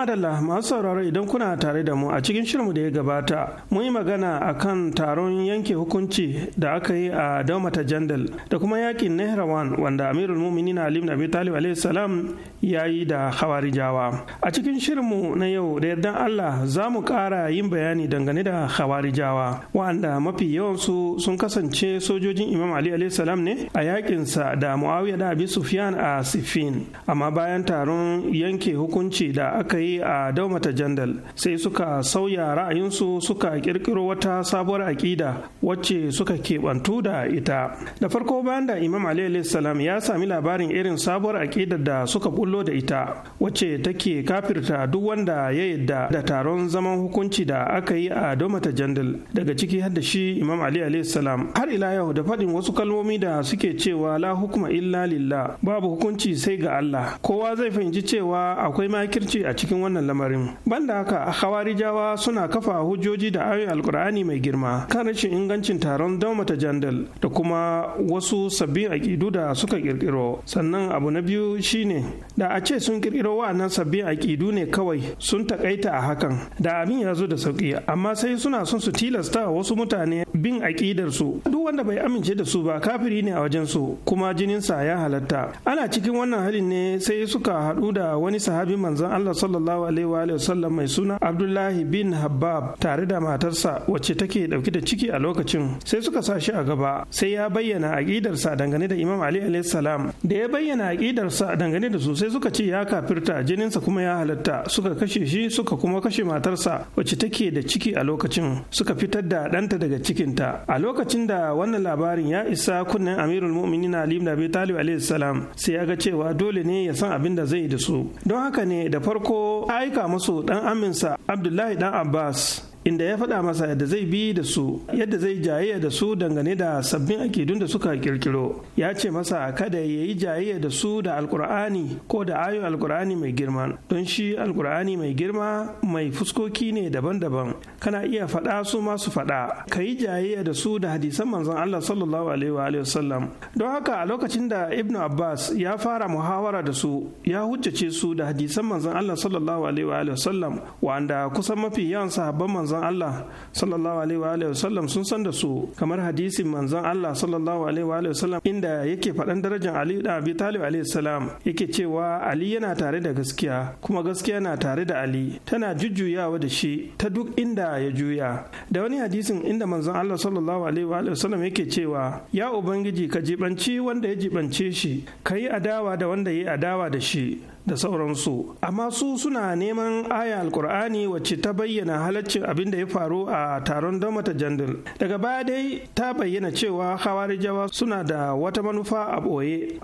[SPEAKER 5] madalla masu sauraro idan kuna tare da mu a cikin shirinmu da ya gabata mun yi magana akan taron yanke hukunci da aka yi a daumata jandal da kuma yakin nehrawan wanda amirul muminin ali ibn abi talib alayhi salam ya yi da khawarijawa a cikin shirinmu na yau da yardan allah za mu ƙara yin bayani dangane da khawarijawa wanda mafi yawansu sun kasance sojojin imam ali alayhi salam ne a yakinsa da muawiya da abi sufyan a siffin amma bayan taron yanke hukunci da aka yi a daumata jandal sai suka sauya ra'ayinsu suka kirkiro wata sabuwar aƙida wacce suka keɓantu da ita da farko bayan da imam ali salam ya sami labarin irin sabuwar aƙidar da suka bullo da ita wacce take kafirta duk wanda ya yadda da taron zaman hukunci da aka yi a daumata jandal daga ciki har da shi imam ali salam har ila yau da faɗin wasu kalmomi da suke cewa la hukuma illa lillah babu hukunci sai ga allah kowa zai fahimci cewa akwai makirci a cikin cikin wannan lamarin banda haka hawarijawa suna kafa hujjoji da ayoyin alkur'ani mai girma kan rashin ingancin taron daumata jandal da kuma wasu sabbin aƙidu da suka ƙirƙiro, sannan abu na biyu shine da a ce sun ƙirƙiro wa'annan sabbin aƙidu ne kawai sun takaita a hakan da abin ya zo da sauƙi. amma sai suna son su tilasta wasu mutane bin aƙidar su duk wanda bai amince da su ba kafiri ne a wajen su kuma jininsa ya halatta ana cikin wannan halin ne sai suka haɗu da wani sahabi manzon Allah sallallahu sallallahu alaihi wa sallam mai suna Abdullahi bin Habbab tare da matarsa wacce take dauke da ciki a lokacin sai suka sa shi a gaba sai ya bayyana aqidarsa dangane da Imam Ali alaihi salam da ya bayyana aqidarsa dangane da su sai suka ce ya kafirta jininsa kuma ya halatta suka kashe shi suka kuma kashe matarsa wacce take da ciki a lokacin suka fitar da danta daga cikinta a lokacin da wannan labarin ya isa kunnen amirul mu'minin ali ibn abi talib alaihi salam sai ya ga cewa dole ne ya san abin da zai da su don haka ne da farko aika musu dan aminsa abdullahi dan abbas inda ya faɗa masa yadda zai bi da su yadda zai jayayya da su dangane da sabbin akidun da suka kirkiro ya ce masa kada ya yi jayayya da su da alkur'ani ko da ayo alkur'ani mai girma don shi alkur'ani mai girma mai fuskoki ne daban-daban kana iya faɗa su masu faɗa ka yi jayayya da su da hadisan manzon Allah sallallahu alaihi wa wasallam don haka a lokacin da ibn Abbas ya fara muhawara da su ya hujjace su da hadisan manzon Allah sallallahu alaihi wa wasallam wanda kusan mafi yawan sahabban manzon Allah sallallahu alaihi wa alihi wasallam sun san da su kamar hadisin manzon Allah sallallahu alaihi wa alihi wasallam inda yake faɗan darajar Ali da Abi Talib alaihi salam yake cewa Ali yana tare da gaskiya kuma gaskiya na tare da Ali tana jujjuyawa da shi ta duk inda ya juya da wani hadisin inda manzon Allah sallallahu alaihi wa alihi wasallam yake cewa ya ubangiji ka jibanci wanda ya jibance shi kai adawa da wanda ya adawa da shi da sauransu amma su suna neman aya alkur'ani wacce ta bayyana halaccin abin da ya faru a taron damata jandal daga baya dai ta bayyana cewa hawarijawa suna da wata manufa a ɓoye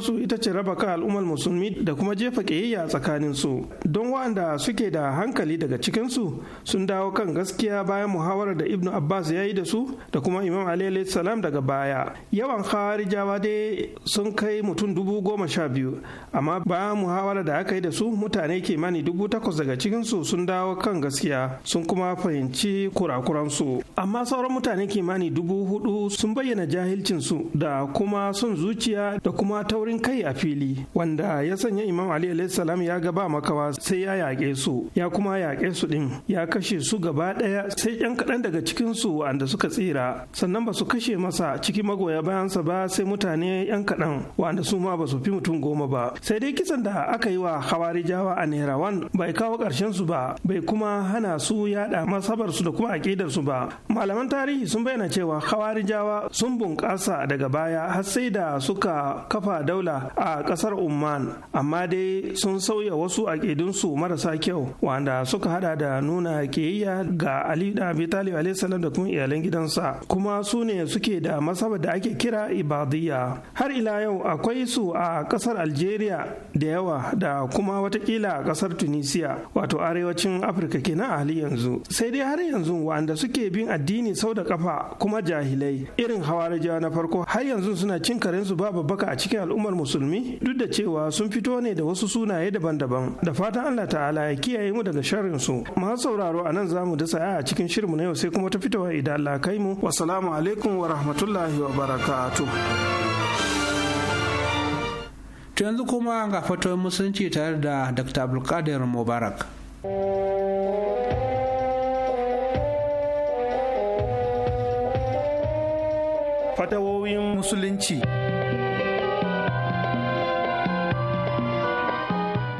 [SPEAKER 5] su ita ce raba kan al'ummar musulmi da kuma jefa kiyayya tsakanin su don waɗanda suke da hankali daga cikinsu sun dawo kan gaskiya bayan muhawarar da ibnu abbas ya yi da su da kuma imam ali salam daga baya yawan hawarijawa dai sun kai mutum dubu goma sha biyu amma bayan muhawar mu'amala da aka yi da su mutane kimani dubu takwas daga cikinsu sun dawo kan gaskiya sun kuma fahimci kurakuransu amma sauran mutane kimani dubu hudu sun bayyana jahilcinsu da kuma son zuciya da kuma taurin kai a fili wanda ya sanya imam ali salam ya gaba makawa sai ya yaƙe su ya kuma yaƙe su ɗin ya kashe su gaba ɗaya sai yan kaɗan daga cikinsu wanda suka tsira sannan ba su kashe masa cikin magoya bayansa ba sai mutane yan kaɗan wanda su ma ba su fi mutum goma ba sai dai kisan da aka yi wa hawarijawa a nerawan bai kawo ƙarshen su ba bai kuma hana su yada masabar su da kuma aƙidarsu su ba malaman tarihi sun bayyana cewa hawarijawa sun bunƙasa daga baya har sai da suka kafa daula a ƙasar Umman amma dai sun sauya wasu aƙidunsu marasa kyau wanda suka hada da nuna kiyayya ga Ali da Abi Talib da kuma iyalan gidansa kuma su ne suke da masabar da ake kira ibadiyya har ila yau akwai su a ƙasar Algeria da yawa da kuma watakila a kasar Tunisia wato arewacin Afirka kenan a hali yanzu. Sai dai har yanzu wanda suke bin addini sau da kafa kuma jahilai irin hawarijawa na farko har yanzu suna cin karensu ba babbaka a cikin al'ummar musulmi duk da cewa sun fito ne da wasu sunaye daban-daban da fatan Allah ta'ala ya kiyaye mu daga sharrin su. Masu sauraro a nan zamu dasa a cikin shirinmu na yau sai kuma ta fitowa idan Allah kai mu. Wassalamu alaikum wa rahmatullahi wa barakatu.
[SPEAKER 1] to yanzu kuma ga fatoyin musulunci tare da dr abdulkadir mubarak
[SPEAKER 5] fatawoyin musulunci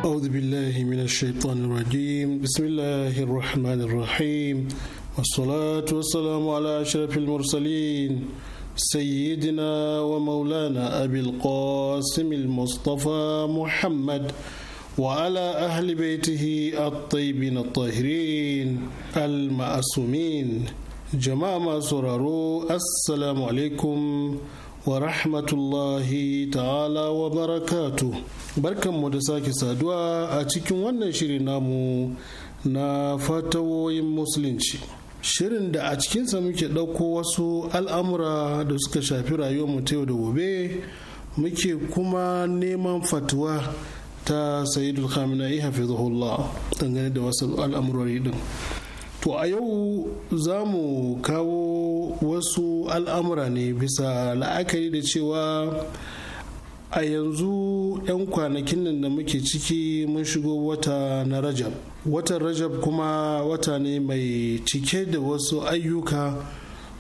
[SPEAKER 11] أعوذ بالله من الشيطان الرجيم بسم الله الرحمن الرحيم والصلاة والسلام على أشرف المرسلين سيدنا ومولانا أبي القاسم المصطفى محمد وعلى أهل بيته الطيبين الطاهرين المأسومين جماعة سرارو السلام عليكم wa rahmatullahi ta'ala wa barakatu mu da sake saduwa a cikin wannan shirin namu na fatawoyin musulunci shirin da a cikinsa muke ɗauko wasu al'amura da suka shafi rayuwar mu ta yau da gobe muke kuma neman fatuwa ta sayidul khamenei hafizahullah dangane da wasu al'amurori din to a yau za mu kawo wasu al'amura ne bisa la'akari da cewa a yanzu 'yan kwanakin nan da muke ciki mun shigo wata na rajab watan rajab kuma wata ne mai cike da wasu ayyuka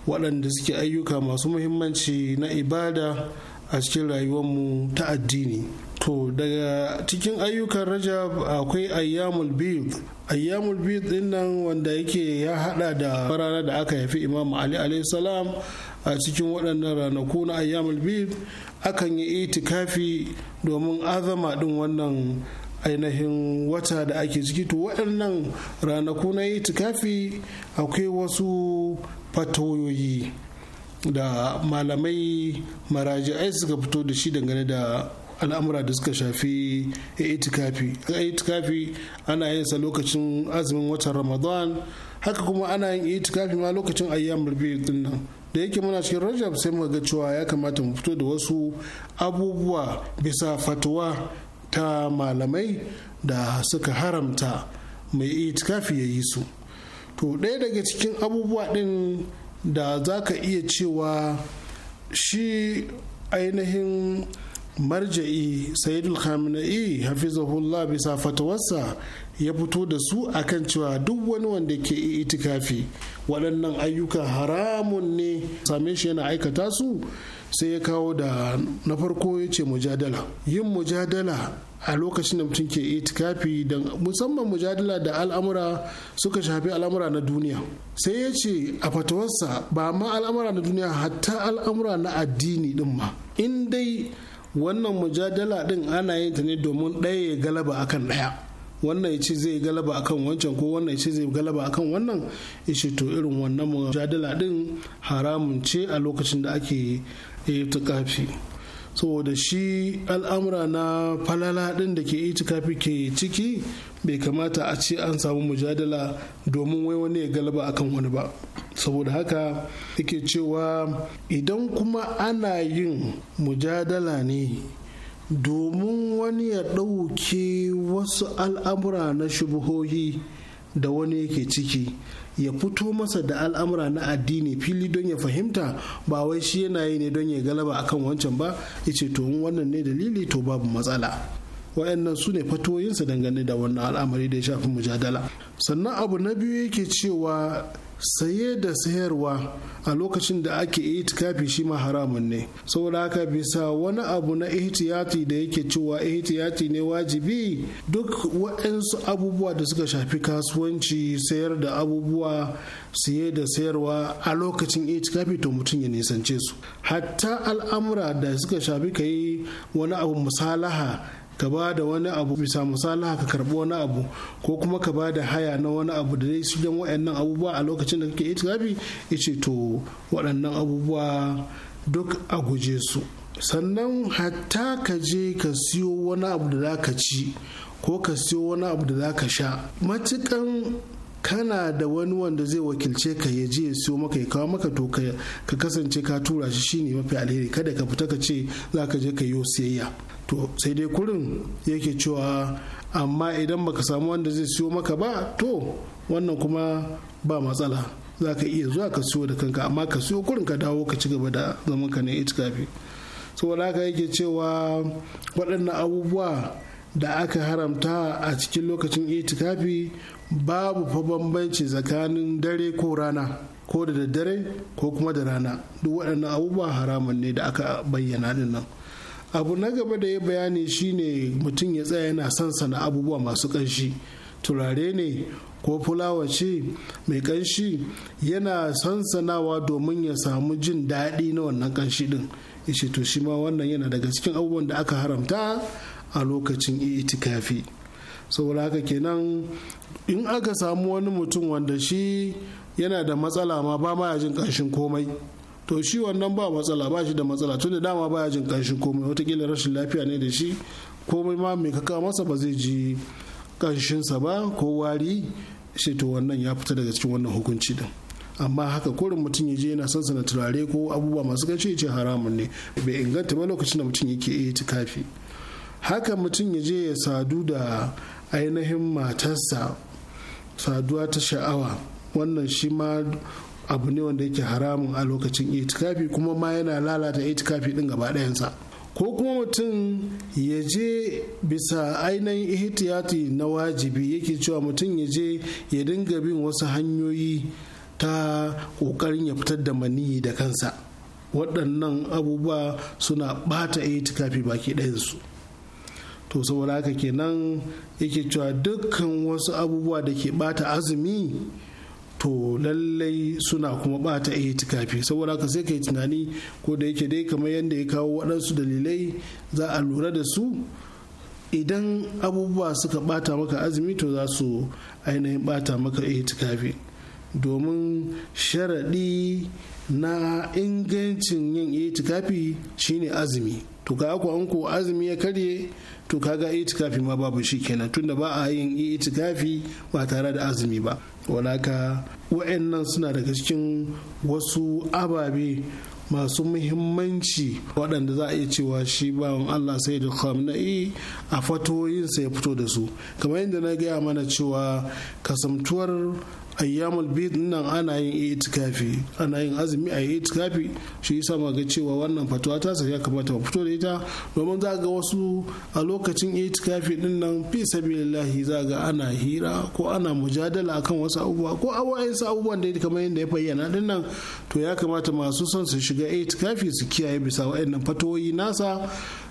[SPEAKER 11] waɗanda suke ayyuka masu muhimmanci na ibada a cikin rayuwarmu ta addini to daga cikin ayyukan rajab akwai ayyamul bid ayyamul bid din nan wanda yake ya hada da rana da aka haifi imam ali salam a cikin waɗannan ranaku na ayyamul bid akan yi itikafi domin azama din wannan ainihin wata da ake ciki to waɗannan ranaku na itikafi akwai wasu fatoyoyi da malamai maraji'ai suka fito da shi dangane da al'amura da suka shafi itikafi itikafi ana yin sa lokacin azumin watan ramadan haka kuma ana yin itikafi ma lokacin ayyamul bid din nan da yake muna cikin rajab sai muka ga cewa ya kamata mu fito da wasu abubuwa bisa fatuwa ta malamai da suka haramta mai itikafi ya yi su to ɗaya daga cikin abubuwa ɗin da za ka iya cewa shi ainihin marja'i sayidul khamenei hafizahullah bisa fatawarsa ya fito da su akan cewa duk wani wanda ke itikafi waɗannan ayyuka haramun ne same shi yana aikata su sai ya kawo da na farko ya ce mujadala yin mujadala a lokacin da mutum ke itikafi don musamman mujadala da al'amura suka shafi al'amura na duniya sai ya ce a fatawarsa ba ma al'amura na duniya hatta al'amura na addini din ma in dai wannan mujadala din ana yin ta ne domin ɗaya ya galaba akan ɗaya wannan ya ce zai galaba akan wancan ko wannan ya ce zai galaba akan wannan ya to irin wannan mujadala din haramun ce a lokacin da ake yi eh, kafi. saboda shi al'amura na falala ɗin da ke itikafi ke ciki bai kamata a ce an samu mujadala domin wai wani ya galaba akan wani ba saboda haka yake cewa idan kuma ana yin mujadala ne domin wani ya ɗauke wasu al'amura na shubuhohi da wani yake ciki ya fito masa da al'amura na addini fili don ya fahimta ba wai shi yana yi ne don ya galaba akan wancan ba ya ce to wannan ne dalili to babu matsala wayannan su ne fatoyinsa dangane da wannan al'amari da ya shafi mujadala sannan abu na biyu yake cewa saye da sayarwa a lokacin da ake itikafi shi ma haramun ne saboda haka bisa wani abu na ihtiyati da yake cewa ihtiyati ne wajibi duk waɗansu abubuwa da suka shafi kasuwanci sayar da abubuwa saye da sayarwa a lokacin itikafi to mutum ya nisance su hatta al'amura da suka shafi kai wani abu musalaha ka ba da wani abu bisa misali ka karbi wani abu ko kuma ka ba da haya na wani abu da dai su jan waɗannan abubuwa a lokacin da kake itikafi ice to waɗannan abubuwa duk a guje su sannan hatta ka je ka siyo wani abu da za ka ci ko ka siyo wani abu da za ka sha matukan kana da wani wanda zai wakilce ka ya je siyo maka ya kawo maka to ka kasance ka tura shi shine mafi alheri kada ka fita ka ce za ka je ka yi siyayya to sai dai kurin yake cewa amma idan baka samu wanda zai siyo maka ba to wannan kuma ba matsala za ka iya zuwa ka siyo da kanka amma ka siyo kurin ka dawo ka ci gaba da zaman ka na itikafi saboda haka yake cewa waɗannan abubuwa da aka haramta a cikin lokacin itikafi babu fa bambanci tsakanin dare ko rana ko da daddare ko kuma da rana duk waɗannan abubuwa haramun ne da aka bayyana din nan abu na gaba da ya bayani shine mutum ya tsaya yana sansana abubuwa masu ƙanshi turare ne ko fulawa ce mai ƙanshi yana sansanawa domin ya samu jin daɗi na wannan ƙanshi din ishe to shi ma wannan yana daga cikin abubuwan da aka haramta a lokacin itikafi saboda haka kenan in aka samu wani mutum wanda shi yana da matsala ma ba ma jin kashin komai to shi wannan ba matsala ba shi da matsala tunda dama ba jin kashin komai watakila rashin lafiya ne da shi komai ma mai kaka masa ba zai ji kashinsa ba ko wari shi to wannan ya fita daga cikin wannan hukunci din amma haka kurin mutum ya je yana son sana turare ko abubuwa masu gashi ce haramun ne bai inganta ba lokacin da mutum yake iya tikafi haka mutum ya je ya sadu da ainihin matarsa saduwa ta sha'awa wannan shi ma abu ne wanda yake haramun a lokacin itikafi kuma ma yana lalata itikafi din gaba ɗayansa ko kuma mutum ya je bisa ainihin ihtiyati na wajibi yake cewa mutum ya je ya dinga bin wasu hanyoyi ta ƙoƙarin ya fitar da maniyi da kansa waɗannan abubuwa suna ɓata itikafi baki ɗayansu to saboda haka kenan yake cewa dukkan wasu abubuwa da ke bata azumi to lallai suna kuma bata itikafi saboda haka sai ka yi tunani ko da yake dai kamar yadda ya kawo waɗansu dalilai za a lura da su idan abubuwa suka bata maka azumi to za su ainihin bata maka tikafi domin sharaɗi na ingancin yin itikafi shine azumi to ga ko azumi ya karye to kaga itikafi ma babu shi kenan tunda ba a yin itikafi ba tare da azumi ba walaka wa'annan suna daga cikin wasu ababe masu muhimmanci waɗanda za a iya cewa shi bawan Allah sai da khamenei a fatoyinsa ya fito da su kamar yadda na gaya mana cewa kasamtuwar ayyamul bid nan ana yin itikafi ana yin azumi a yi itikafi shi yasa ma ga cewa wannan fatuwa ta sa ya kamata mu fito da ita domin za ga wasu a lokacin itikafi din nan fi sabilillahi za ga ana hira ko ana mujadala akan wasu abubuwa ko awayen sa abubuwan da kamar yadda ya bayyana din nan to ya kamata masu son su shiga itikafi su kiyaye bisa waɗannan fatoyi nasa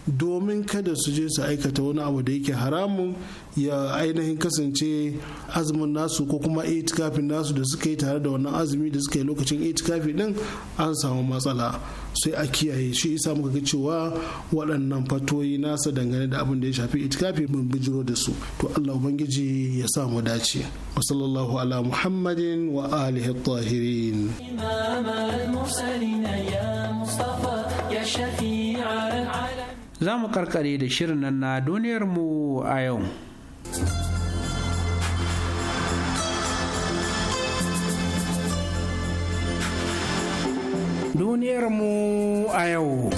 [SPEAKER 11] domin kada su je su aikata wani abu da yake haramun ya ainihin kasance azumin nasu ko kuma itikafin nasu da suka yi tare da wannan azumi da suka yi lokacin itikafi din an samu matsala sai a kiyaye shi isa muka ga cewa waɗannan fatoyi nasa dangane da abin da ya shafi itikafi mun bijiro da su to Allah ubangiji ya sa mu dace wa sallallahu ala muhammadin
[SPEAKER 1] wa alihi tahirin
[SPEAKER 6] ya mustafa
[SPEAKER 4] ya
[SPEAKER 1] za mu karkare da shirin nan na duniyarmu a yau duniyarmu a yau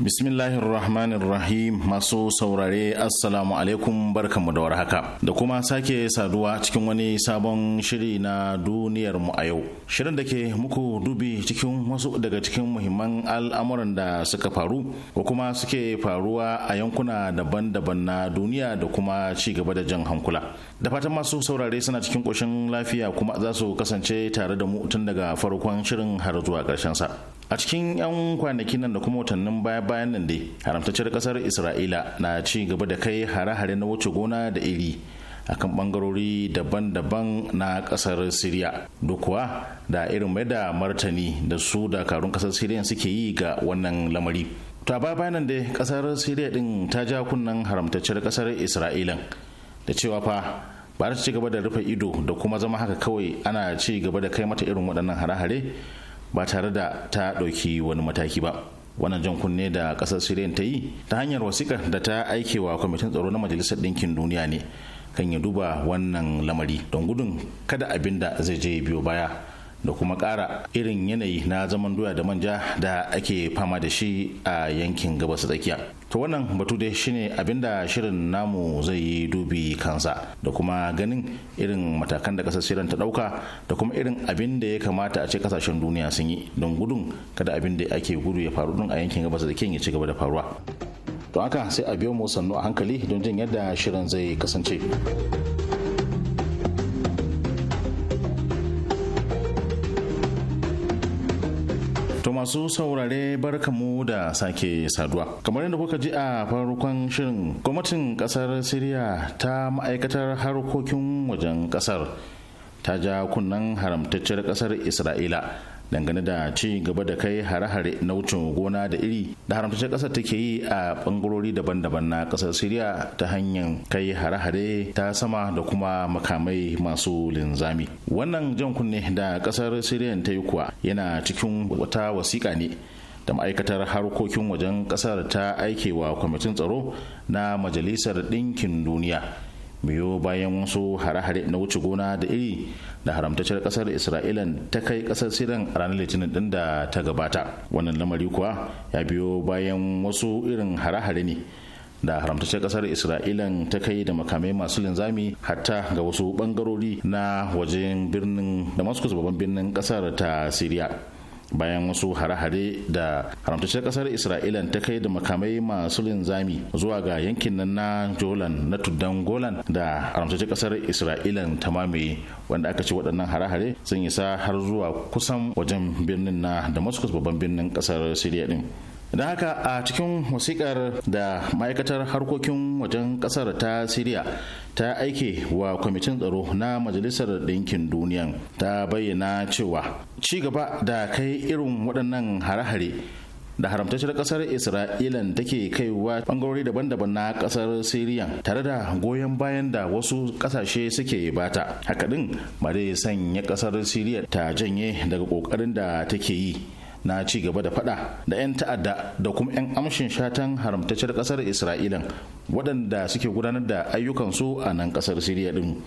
[SPEAKER 12] Bismillahir Rahmanir Rahim masu saurare Assalamu alaikum barkanmu da warhaka da kuma sake saduwa cikin wani sabon shiri na duniyar mu a yau. Shirin da ke muku dubi cikin wasu daga cikin muhimman al'amuran da suka faru ko kuma suke faruwa a yankuna daban-daban na duniya da kuma ci gaba da jan hankula. Da fatan masu saurare suna cikin ƙoshin lafiya kuma za su kasance tare da mu tun daga farkon shirin har zuwa ƙarshen sa. a cikin 'yan kwanakin nan da kuma watannin baya-bayan nan dai haramtacciyar kasar isra'ila na ci gaba da kai hare-hare na wuce gona da iri kan bangarori daban-daban na kasar siriya kuwa da irin mai da martani da su dakarun kasar siriya suke yi ga wannan lamari to a baya-bayan nan dai kasar siriya din ta ja kunnen haramtacciyar kasar isra'ilan da cewa fa ba ta ci gaba da rufe ido da kuma zama haka kawai ana ci gaba da kai mata irin waɗannan hare-hare ba tare da ta ɗauki wani mataki ba wannan jan kunne da ƙasar syria ta yi ta hanyar wasiƙa da ta aikewa kwamitin tsaro na majalisar ɗinkin duniya ne kan ya duba wannan lamari don gudun kada abin da zai je biyo baya da kuma ƙara irin yanayi na zaman doya da manja da ake fama da shi a yankin gabas tsakiya to wannan batu dai shine abinda shirin namu zai yi dubi kansa da kuma ganin irin matakan da kasar shirin ta dauka da kuma irin abin da ya kamata a ce kasashen duniya sun yi don gudun kada abin da ake gudu ya faru din a yankin gabas da ken ya ci gaba da faruwa don haka sai a biyo mu sannu a hankali don jin yadda shirin zai kasance masu saurare barkamu da sake saduwa. Kamar yadda kuka ji a farkon shirin gwamnatin kasar Siriya ta ma'aikatar harkokin wajen kasar ta ja kunnen haramtacciyar kasar Isra'ila dangane da ci gaba da kai hare-hare na wucin gona da iri da haramtaccen kasa take yi a bangarori daban-daban na kasar siriya ta hanyar kai hare-hare ta sama da kuma makamai masu linzami wannan jan kunne da kasar siriya ta yi kuwa yana cikin wata wasiƙa ne da ma'aikatar harkokin wajen kasar ta aikewa kwamitin tsaro na majalisar ɗinkin duniya biyo bayan wasu hare-hare na wuce gona da iri da haramtacciyar kasar isra'ilan ta kai kasar siran ranar litinin din da ta gabata wannan lamari kuwa ya biyo bayan wasu irin hare-hare ne da haramtacciyar kasar isra'ilan ta kai da makamai masu linzami hatta ga wasu bangarori na wajen birnin damascus babban birnin kasar ta siriya bayan wasu hare-hare da haramtacciyar kasar isra'ilan ta kai da makamai masu linzami zuwa ga yankin nan na jolan na tuddan golan da haramtacciyar kasar isra'ilan ta mamaye wanda aka ce waɗannan hare-hare sun isa har zuwa kusan wajen birnin na damascus babban birnin kasar siriya din da haka a cikin wasiƙar da ma'aikatar harkokin wajen kasar ta siriya ta aike wa kwamitin tsaro na majalisar ɗinkin duniya ta bayyana cewa ci gaba da kai irin waɗannan hare-hare da haramtacciyar kasar isra'ilan take kaiwa bangarori daban-daban na ƙasar siriya tare da goyon bayan da wasu ƙasashe suke bata haka din ba zai sanya kasar siriya ta janye daga ƙoƙarin da take yi na ci gaba da fada da 'yan ta'adda da kuma 'yan amshin shatan haramtacciyar kasar isra'ila waɗanda suke gudanar da ayyukansu a nan kasar siriya din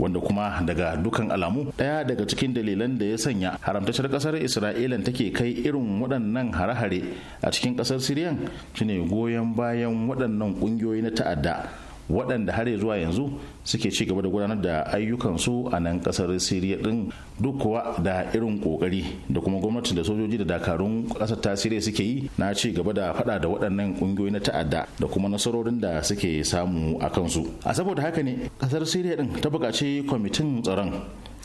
[SPEAKER 12] wanda kuma daga dukan alamu ɗaya daga cikin dalilan da ya sanya haramtacciyar kasar isra'ila take kai irin waɗannan hare-hare a cikin kasar siriyan shine goyon bayan waɗannan ƙungiyoyi na ta'adda waɗanda har zuwa yanzu suke ci gaba da gudanar da ayyukansu a nan ƙasar siriya ɗin duk kuwa da irin ƙoƙari da kuma gwamnati da sojoji da dakarun ƙasar ta siriya suke yi na ci gaba da faɗa da waɗannan ƙungiyoyi na ta'adda da kuma nasarorin da suke samu a kansu a saboda haka ne ƙasar siriya ɗin ta buƙaci kwamitin tsaron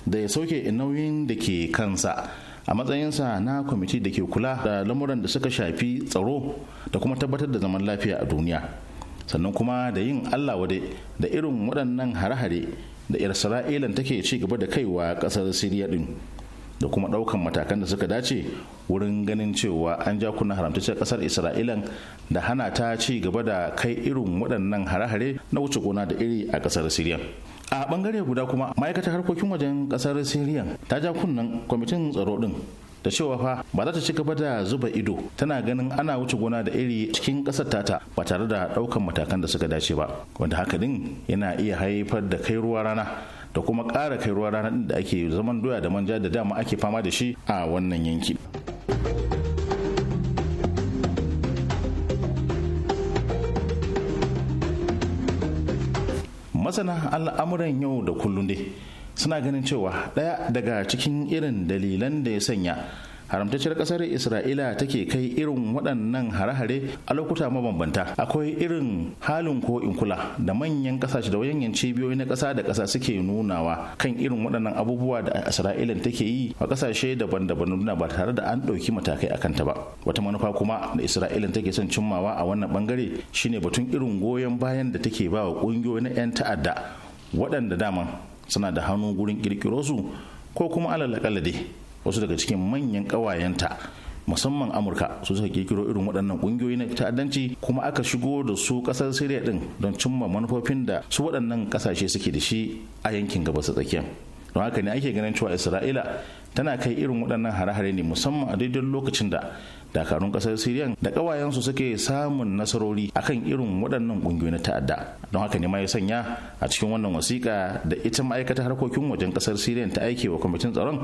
[SPEAKER 12] da ya sauke nauyin da ke kansa a matsayinsa na kwamiti da ke kula da lamuran da suka shafi tsaro da kuma tabbatar da zaman lafiya a duniya sannan kuma da yin allah wade da irin waɗannan hare-hare da isra'ilan take ci gaba da kaiwa ƙasar siriya din da kuma ɗaukan matakan da suka dace wurin ganin cewa an ja kunna haramtacciyar ƙasar isra'ilan da hana ta ci gaba da kai irin waɗannan hare-hare na wuce gona da iri a ƙasar siriya a bangare guda kuma ma'aikatar harkokin wajen ƙasar siriya ta ja kunnan kwamitin tsaro din. da cewa fa ba za ta ci gaba da zuba ido tana ganin ana wuce gona da iri cikin ƙasar tata ba tare da ɗaukan matakan da suka dace ba wanda haka din yana iya haifar da kai ruwa rana da kuma ƙara kai ruwa rana da ake zaman doya da manja da dama ake fama da shi a wannan yanki. masana al'amuran yau da kullum dai suna ganin cewa ɗaya daga cikin irin dalilan da ya sanya haramtacciyar ƙasar isra'ila take kai irin waɗannan hare-hare a lokuta mabambanta akwai irin halin ko in kula da manyan ƙasashe, da wayanyan cibiyoyi na ƙasa da ƙasa suke nunawa kan irin waɗannan abubuwa da isra'ilan take yi a ƙasashe daban-daban nuna ba tare da an ɗauki matakai a kanta ba wata manufa kuma da isra'ilan take son cimmawa a wannan bangare shine batun irin goyon bayan da take ba wa ƙungiyoyi na 'yan ta'adda waɗanda daman suna da hannu gurin kirkiro su ko kuma alalakala dai wasu daga cikin manyan kawayenta musamman amurka su suka kirkiro irin waɗannan ƙungiyoyi na ta'addanci kuma aka shigo da su ƙasar siriya ɗin don cimma manufofin da su waɗannan ƙasashe suke da shi a yankin gabas tsakiyar don haka ne ake ganin cewa isra'ila tana kai irin waɗannan hare-hare ne musamman a daidai lokacin da dakarun kasar syrian da kawayensu suke samun nasarori akan irin waɗannan ƙungiyoyi na ta'adda don haka ne ma ya sanya a cikin wannan wasiƙa da ita ma'aikatar harkokin wajen kasar syrian ta aike wa kwamitin tsaron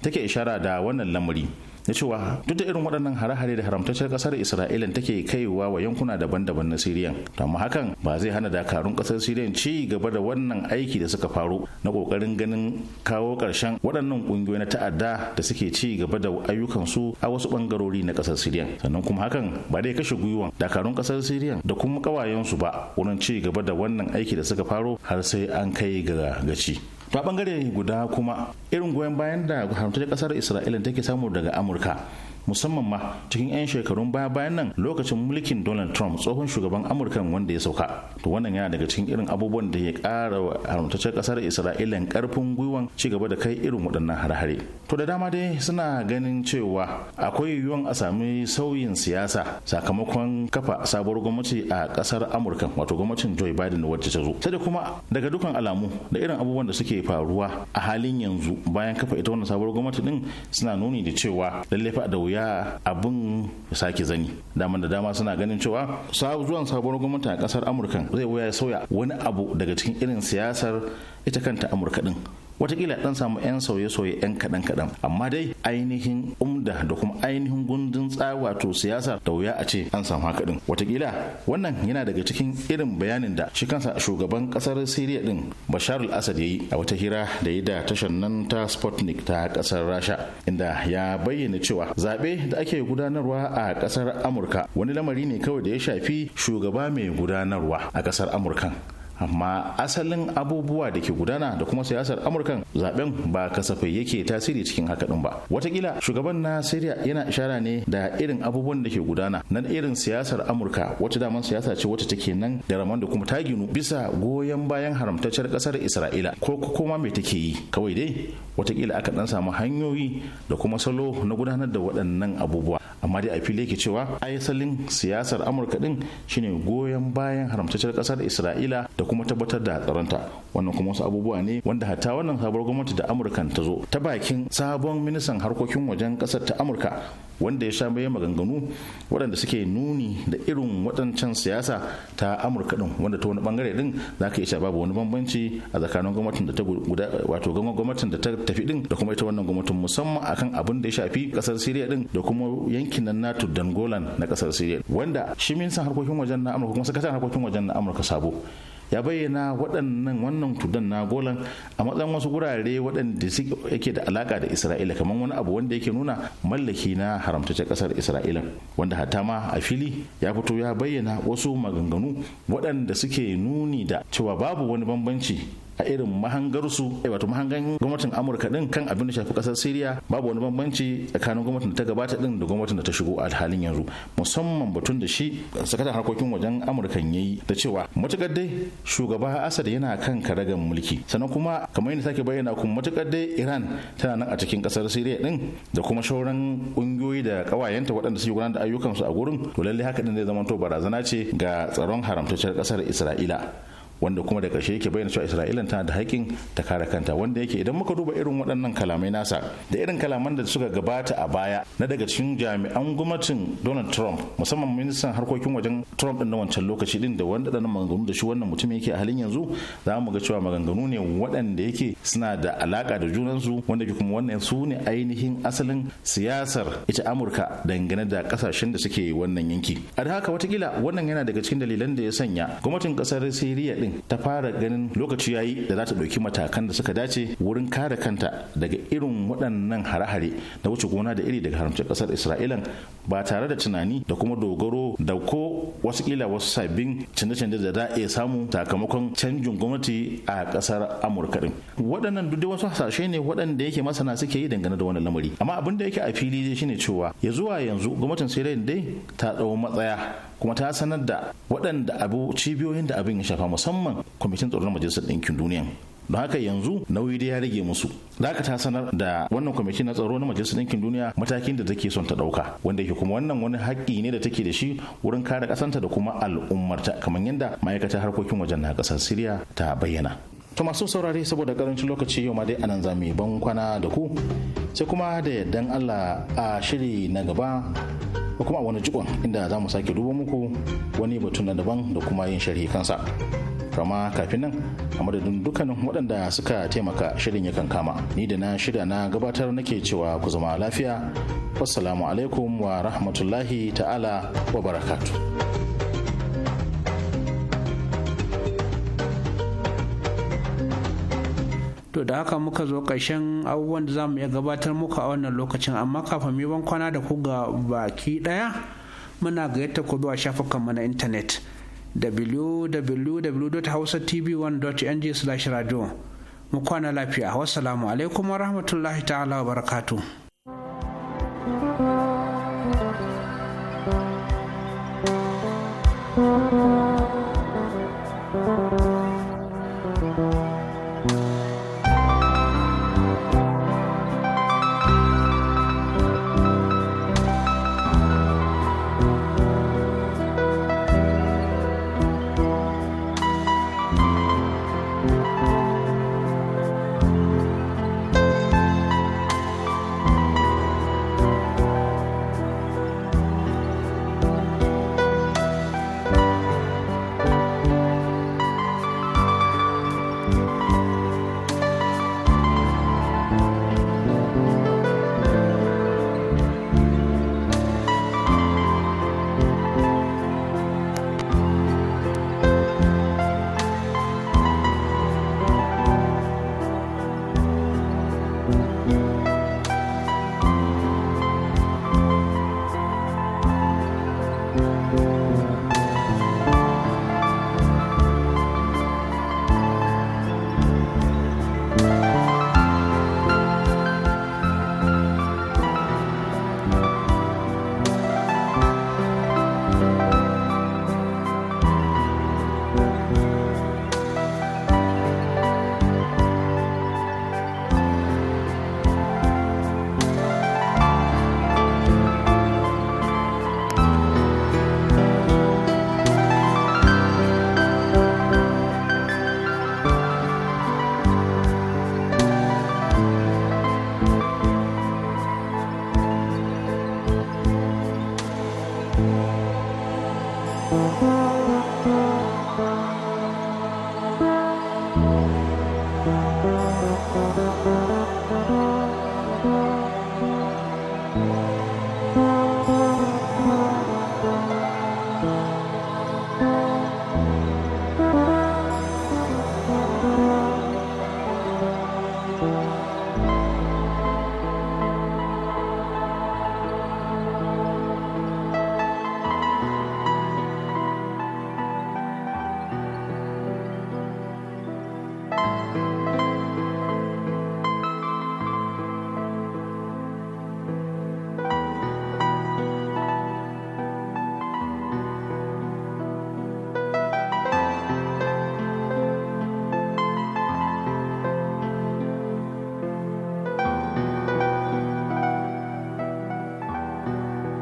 [SPEAKER 12] take ishara da wannan lamari da cewa duk da irin waɗannan hare-hare da haramtaccen ƙasar isra'ila take kaiwa wa yankuna daban-daban na siriya amma hakan ba zai hana dakarun ƙasar siriya ci gaba da wannan aiki da suka faru na ƙoƙarin ganin kawo ƙarshen waɗannan ƙungiyoyi na ta'adda da suke ci gaba da ayyukansu a wasu ɓangarori na ƙasar siriya sannan kuma hakan ba dai kashe gwiwan dakarun ƙasar siriya da kuma ƙawayensu ba wurin ci gaba da wannan aiki da suka faru har sai an kai ga gaci ta bangare guda kuma irin goyon bayan da haramtaccen kasar isra'ila take samu daga amurka musamman ma cikin 'yan shekarun baya bayan nan lokacin mulkin donald trump tsohon shugaban amurka wanda ya sauka to wannan yana daga cikin irin abubuwan da ya kara wa haramtaccen kasar isra'ila karfin gwiwan ci gaba da kai irin waɗannan hare-hare to da dama dai suna ganin cewa akwai yiwuwan a sami sauyin siyasa sakamakon kafa sabuwar gwamnati a kasar amurka wato gwamnatin joe biden wacce ta zo sai da kuma daga dukkan alamu da irin abubuwan da suke faruwa a halin yanzu bayan kafa ita wannan sabuwar gwamnati din suna nuni da cewa lallai fa da wuya wuya abun ya sake zani dama da dama suna ganin cewa zuwan sabon gwamnati a kasar amurka zai wuya ya sauya wani abu daga cikin irin siyasar ita kanta amurka din watakila dan samu 'yan sauye-sauye 'yan kaɗan-kaɗan amma dai ainihin umda da kuma ainihin gundun tsaya wato siyasa da wuya a ce an samu haka din watakila wannan yana daga cikin irin bayanin da shi kansa shugaban kasar siriya din bashar al-assad ya yi a wata hira da ya da tashar nan ta sputnik ta kasar rasha inda ya bayyana cewa zaɓe da ake gudanarwa a kasar amurka wani lamari ne kawai da ya shafi shugaba mai gudanarwa a kasar amurkan amma asalin abubuwa da ke gudana da kuma siyasar amurkan zaben ba kasafai yake tasiri cikin haka din ba watakila shugaban na siriya yana ishara ne da irin abubuwan da ke gudana nan irin siyasar amurka wata daman siyasa ce wacce take nan da raman da kuma ta ginu bisa goyon bayan haramtacciyar kasar isra'ila ko kuma mai take yi kawai dai watakila aka dan samu hanyoyi da kuma salo na gudanar da waɗannan abubuwa amma dai a fili yake cewa asalin siyasar amurka din shine goyon bayan haramtacciyar kasar isra'ila da da kuma tabbatar da tsaronta wannan kuma wasu abubuwa ne wanda hatta wannan sabuwar gwamnati da amurka ta zo ta bakin sabon ministan harkokin wajen kasar ta amurka wanda ya sha mai maganganu waɗanda suke nuni da irin waɗancan siyasa ta amurka din wanda ta wani bangare din za ka isa babu wani bambanci a tsakanin gwamnatin da ta guda wato gwamnatin da ta tafi din da kuma ita wannan gwamnatin musamman akan abin da ya shafi kasar siriya din da kuma yankin na nato dangolan na kasar siriya wanda shi ministan harkokin wajen na amurka kuma sakataren harkokin wajen na amurka sabo ya bayyana waɗannan wannan tudan na golan a matsayin wasu gurare waɗanda yake da alaka da isra'ila kamar wani abu wanda yake nuna mallaki na haramtaccen ƙasar isra'ila wanda hatta ma a fili ya fito ya bayyana wasu maganganu waɗanda suke nuni da cewa babu wani bambanci a irin mahangarsu eh, wato mahangan gwamnatin amurka din kan abin da shafi kasar siriya babu wani bambanci tsakanin gwamnatin da ta gabata din da gwamnatin da ta shigo a halin yanzu musamman batun da shi eh, sakataren harkokin wajen amurkan yayi da cewa matukar dai shugaba asad yana kan karagan mulki sannan kuma kamar yadda take bayyana kuma matukar dai iran tana nan a cikin kasar siriya din da kuma shauran kungiyoyi da kawayenta waɗanda suke gudanar da ayyukansu a gurin to lallai haka din zai zama to barazana ce ga tsaron haramtacciyar kasar isra'ila wanda kuma da ƙarshe yake bayyana cewa isra'ila tana da haƙƙin ta kare kanta wanda yake idan muka duba irin waɗannan kalamai nasa da irin kalaman da suka gabata a baya na daga cikin jami'an gwamnatin donald trump musamman ministan harkokin wajen trump din na wancan lokaci din da wanda ɗan maganganu da shi wannan mutum yake a halin yanzu za mu ga cewa maganganu ne waɗanda yake suna da alaƙa da junansu wanda kuma wannan su ne ainihin asalin siyasar ita amurka dangane da ƙasashen da suke wannan yanki a da haka watakila wannan yana daga cikin dalilan da ya sanya gwamnatin ƙasar siriya din ta fara ganin lokaci yayi da za ta ɗauki matakan da suka dace wurin kare kanta daga irin waɗannan hare-hare na wuce gona da iri daga haramcin ƙasar isra'ilan ba tare da tunani da kuma dogaro da ko wasu kila wasu sabbin canje-canje da za a iya samu sakamakon canjin gwamnati a ƙasar amurka din waɗannan duk wasu hasashe ne waɗanda yake masana suke yi dangane da wannan lamari amma abin da yake a fili shine cewa ya zuwa yanzu gwamnatin sai dai ta ɗau matsaya kuma ta sanar da waɗanda abu cibiyoyin da abin ya shafa musamman kwamitin tsaron majalisar ɗinkin duniya don haka yanzu nauyi da ya rage musu da ka ta sanar da wannan kwamiti na tsaro na majalisar ɗinkin duniya matakin da take son ta ɗauka wanda yake kuma wannan wani haƙƙi ne da take da shi wurin kare ƙasanta da kuma al'ummarta kamar yadda ma'aikatar harkokin wajen na ƙasar siriya ta bayyana to masu saurare saboda karancin lokaci yau ma dai anan za mu yi ban kwana da ku sai kuma da yardan allah a shiri na gaba ko kuma wani jikon inda za mu sake duba muku wani batun na daban da kuma yin sharhi kansa kama kafin nan a madadin dukkanin waɗanda suka taimaka shirin ya kama ni da na shida na gabatar nake cewa ku zama lafiya wassalamu alaikum wa rahmatullahi ta'ala wa barakatu.
[SPEAKER 1] to da haka muka zo ƙarshen abubuwan da za mu iya gabatar muku a wannan lokacin amma kafin mu ban kwana da ku ga baki ɗaya muna gayyata ku zuwa shafukanmu na intanet www.hausatv1.ng/radio mu kwana lafiya wasu alaikum wa rahmatullahi ta'ala wa barakatuh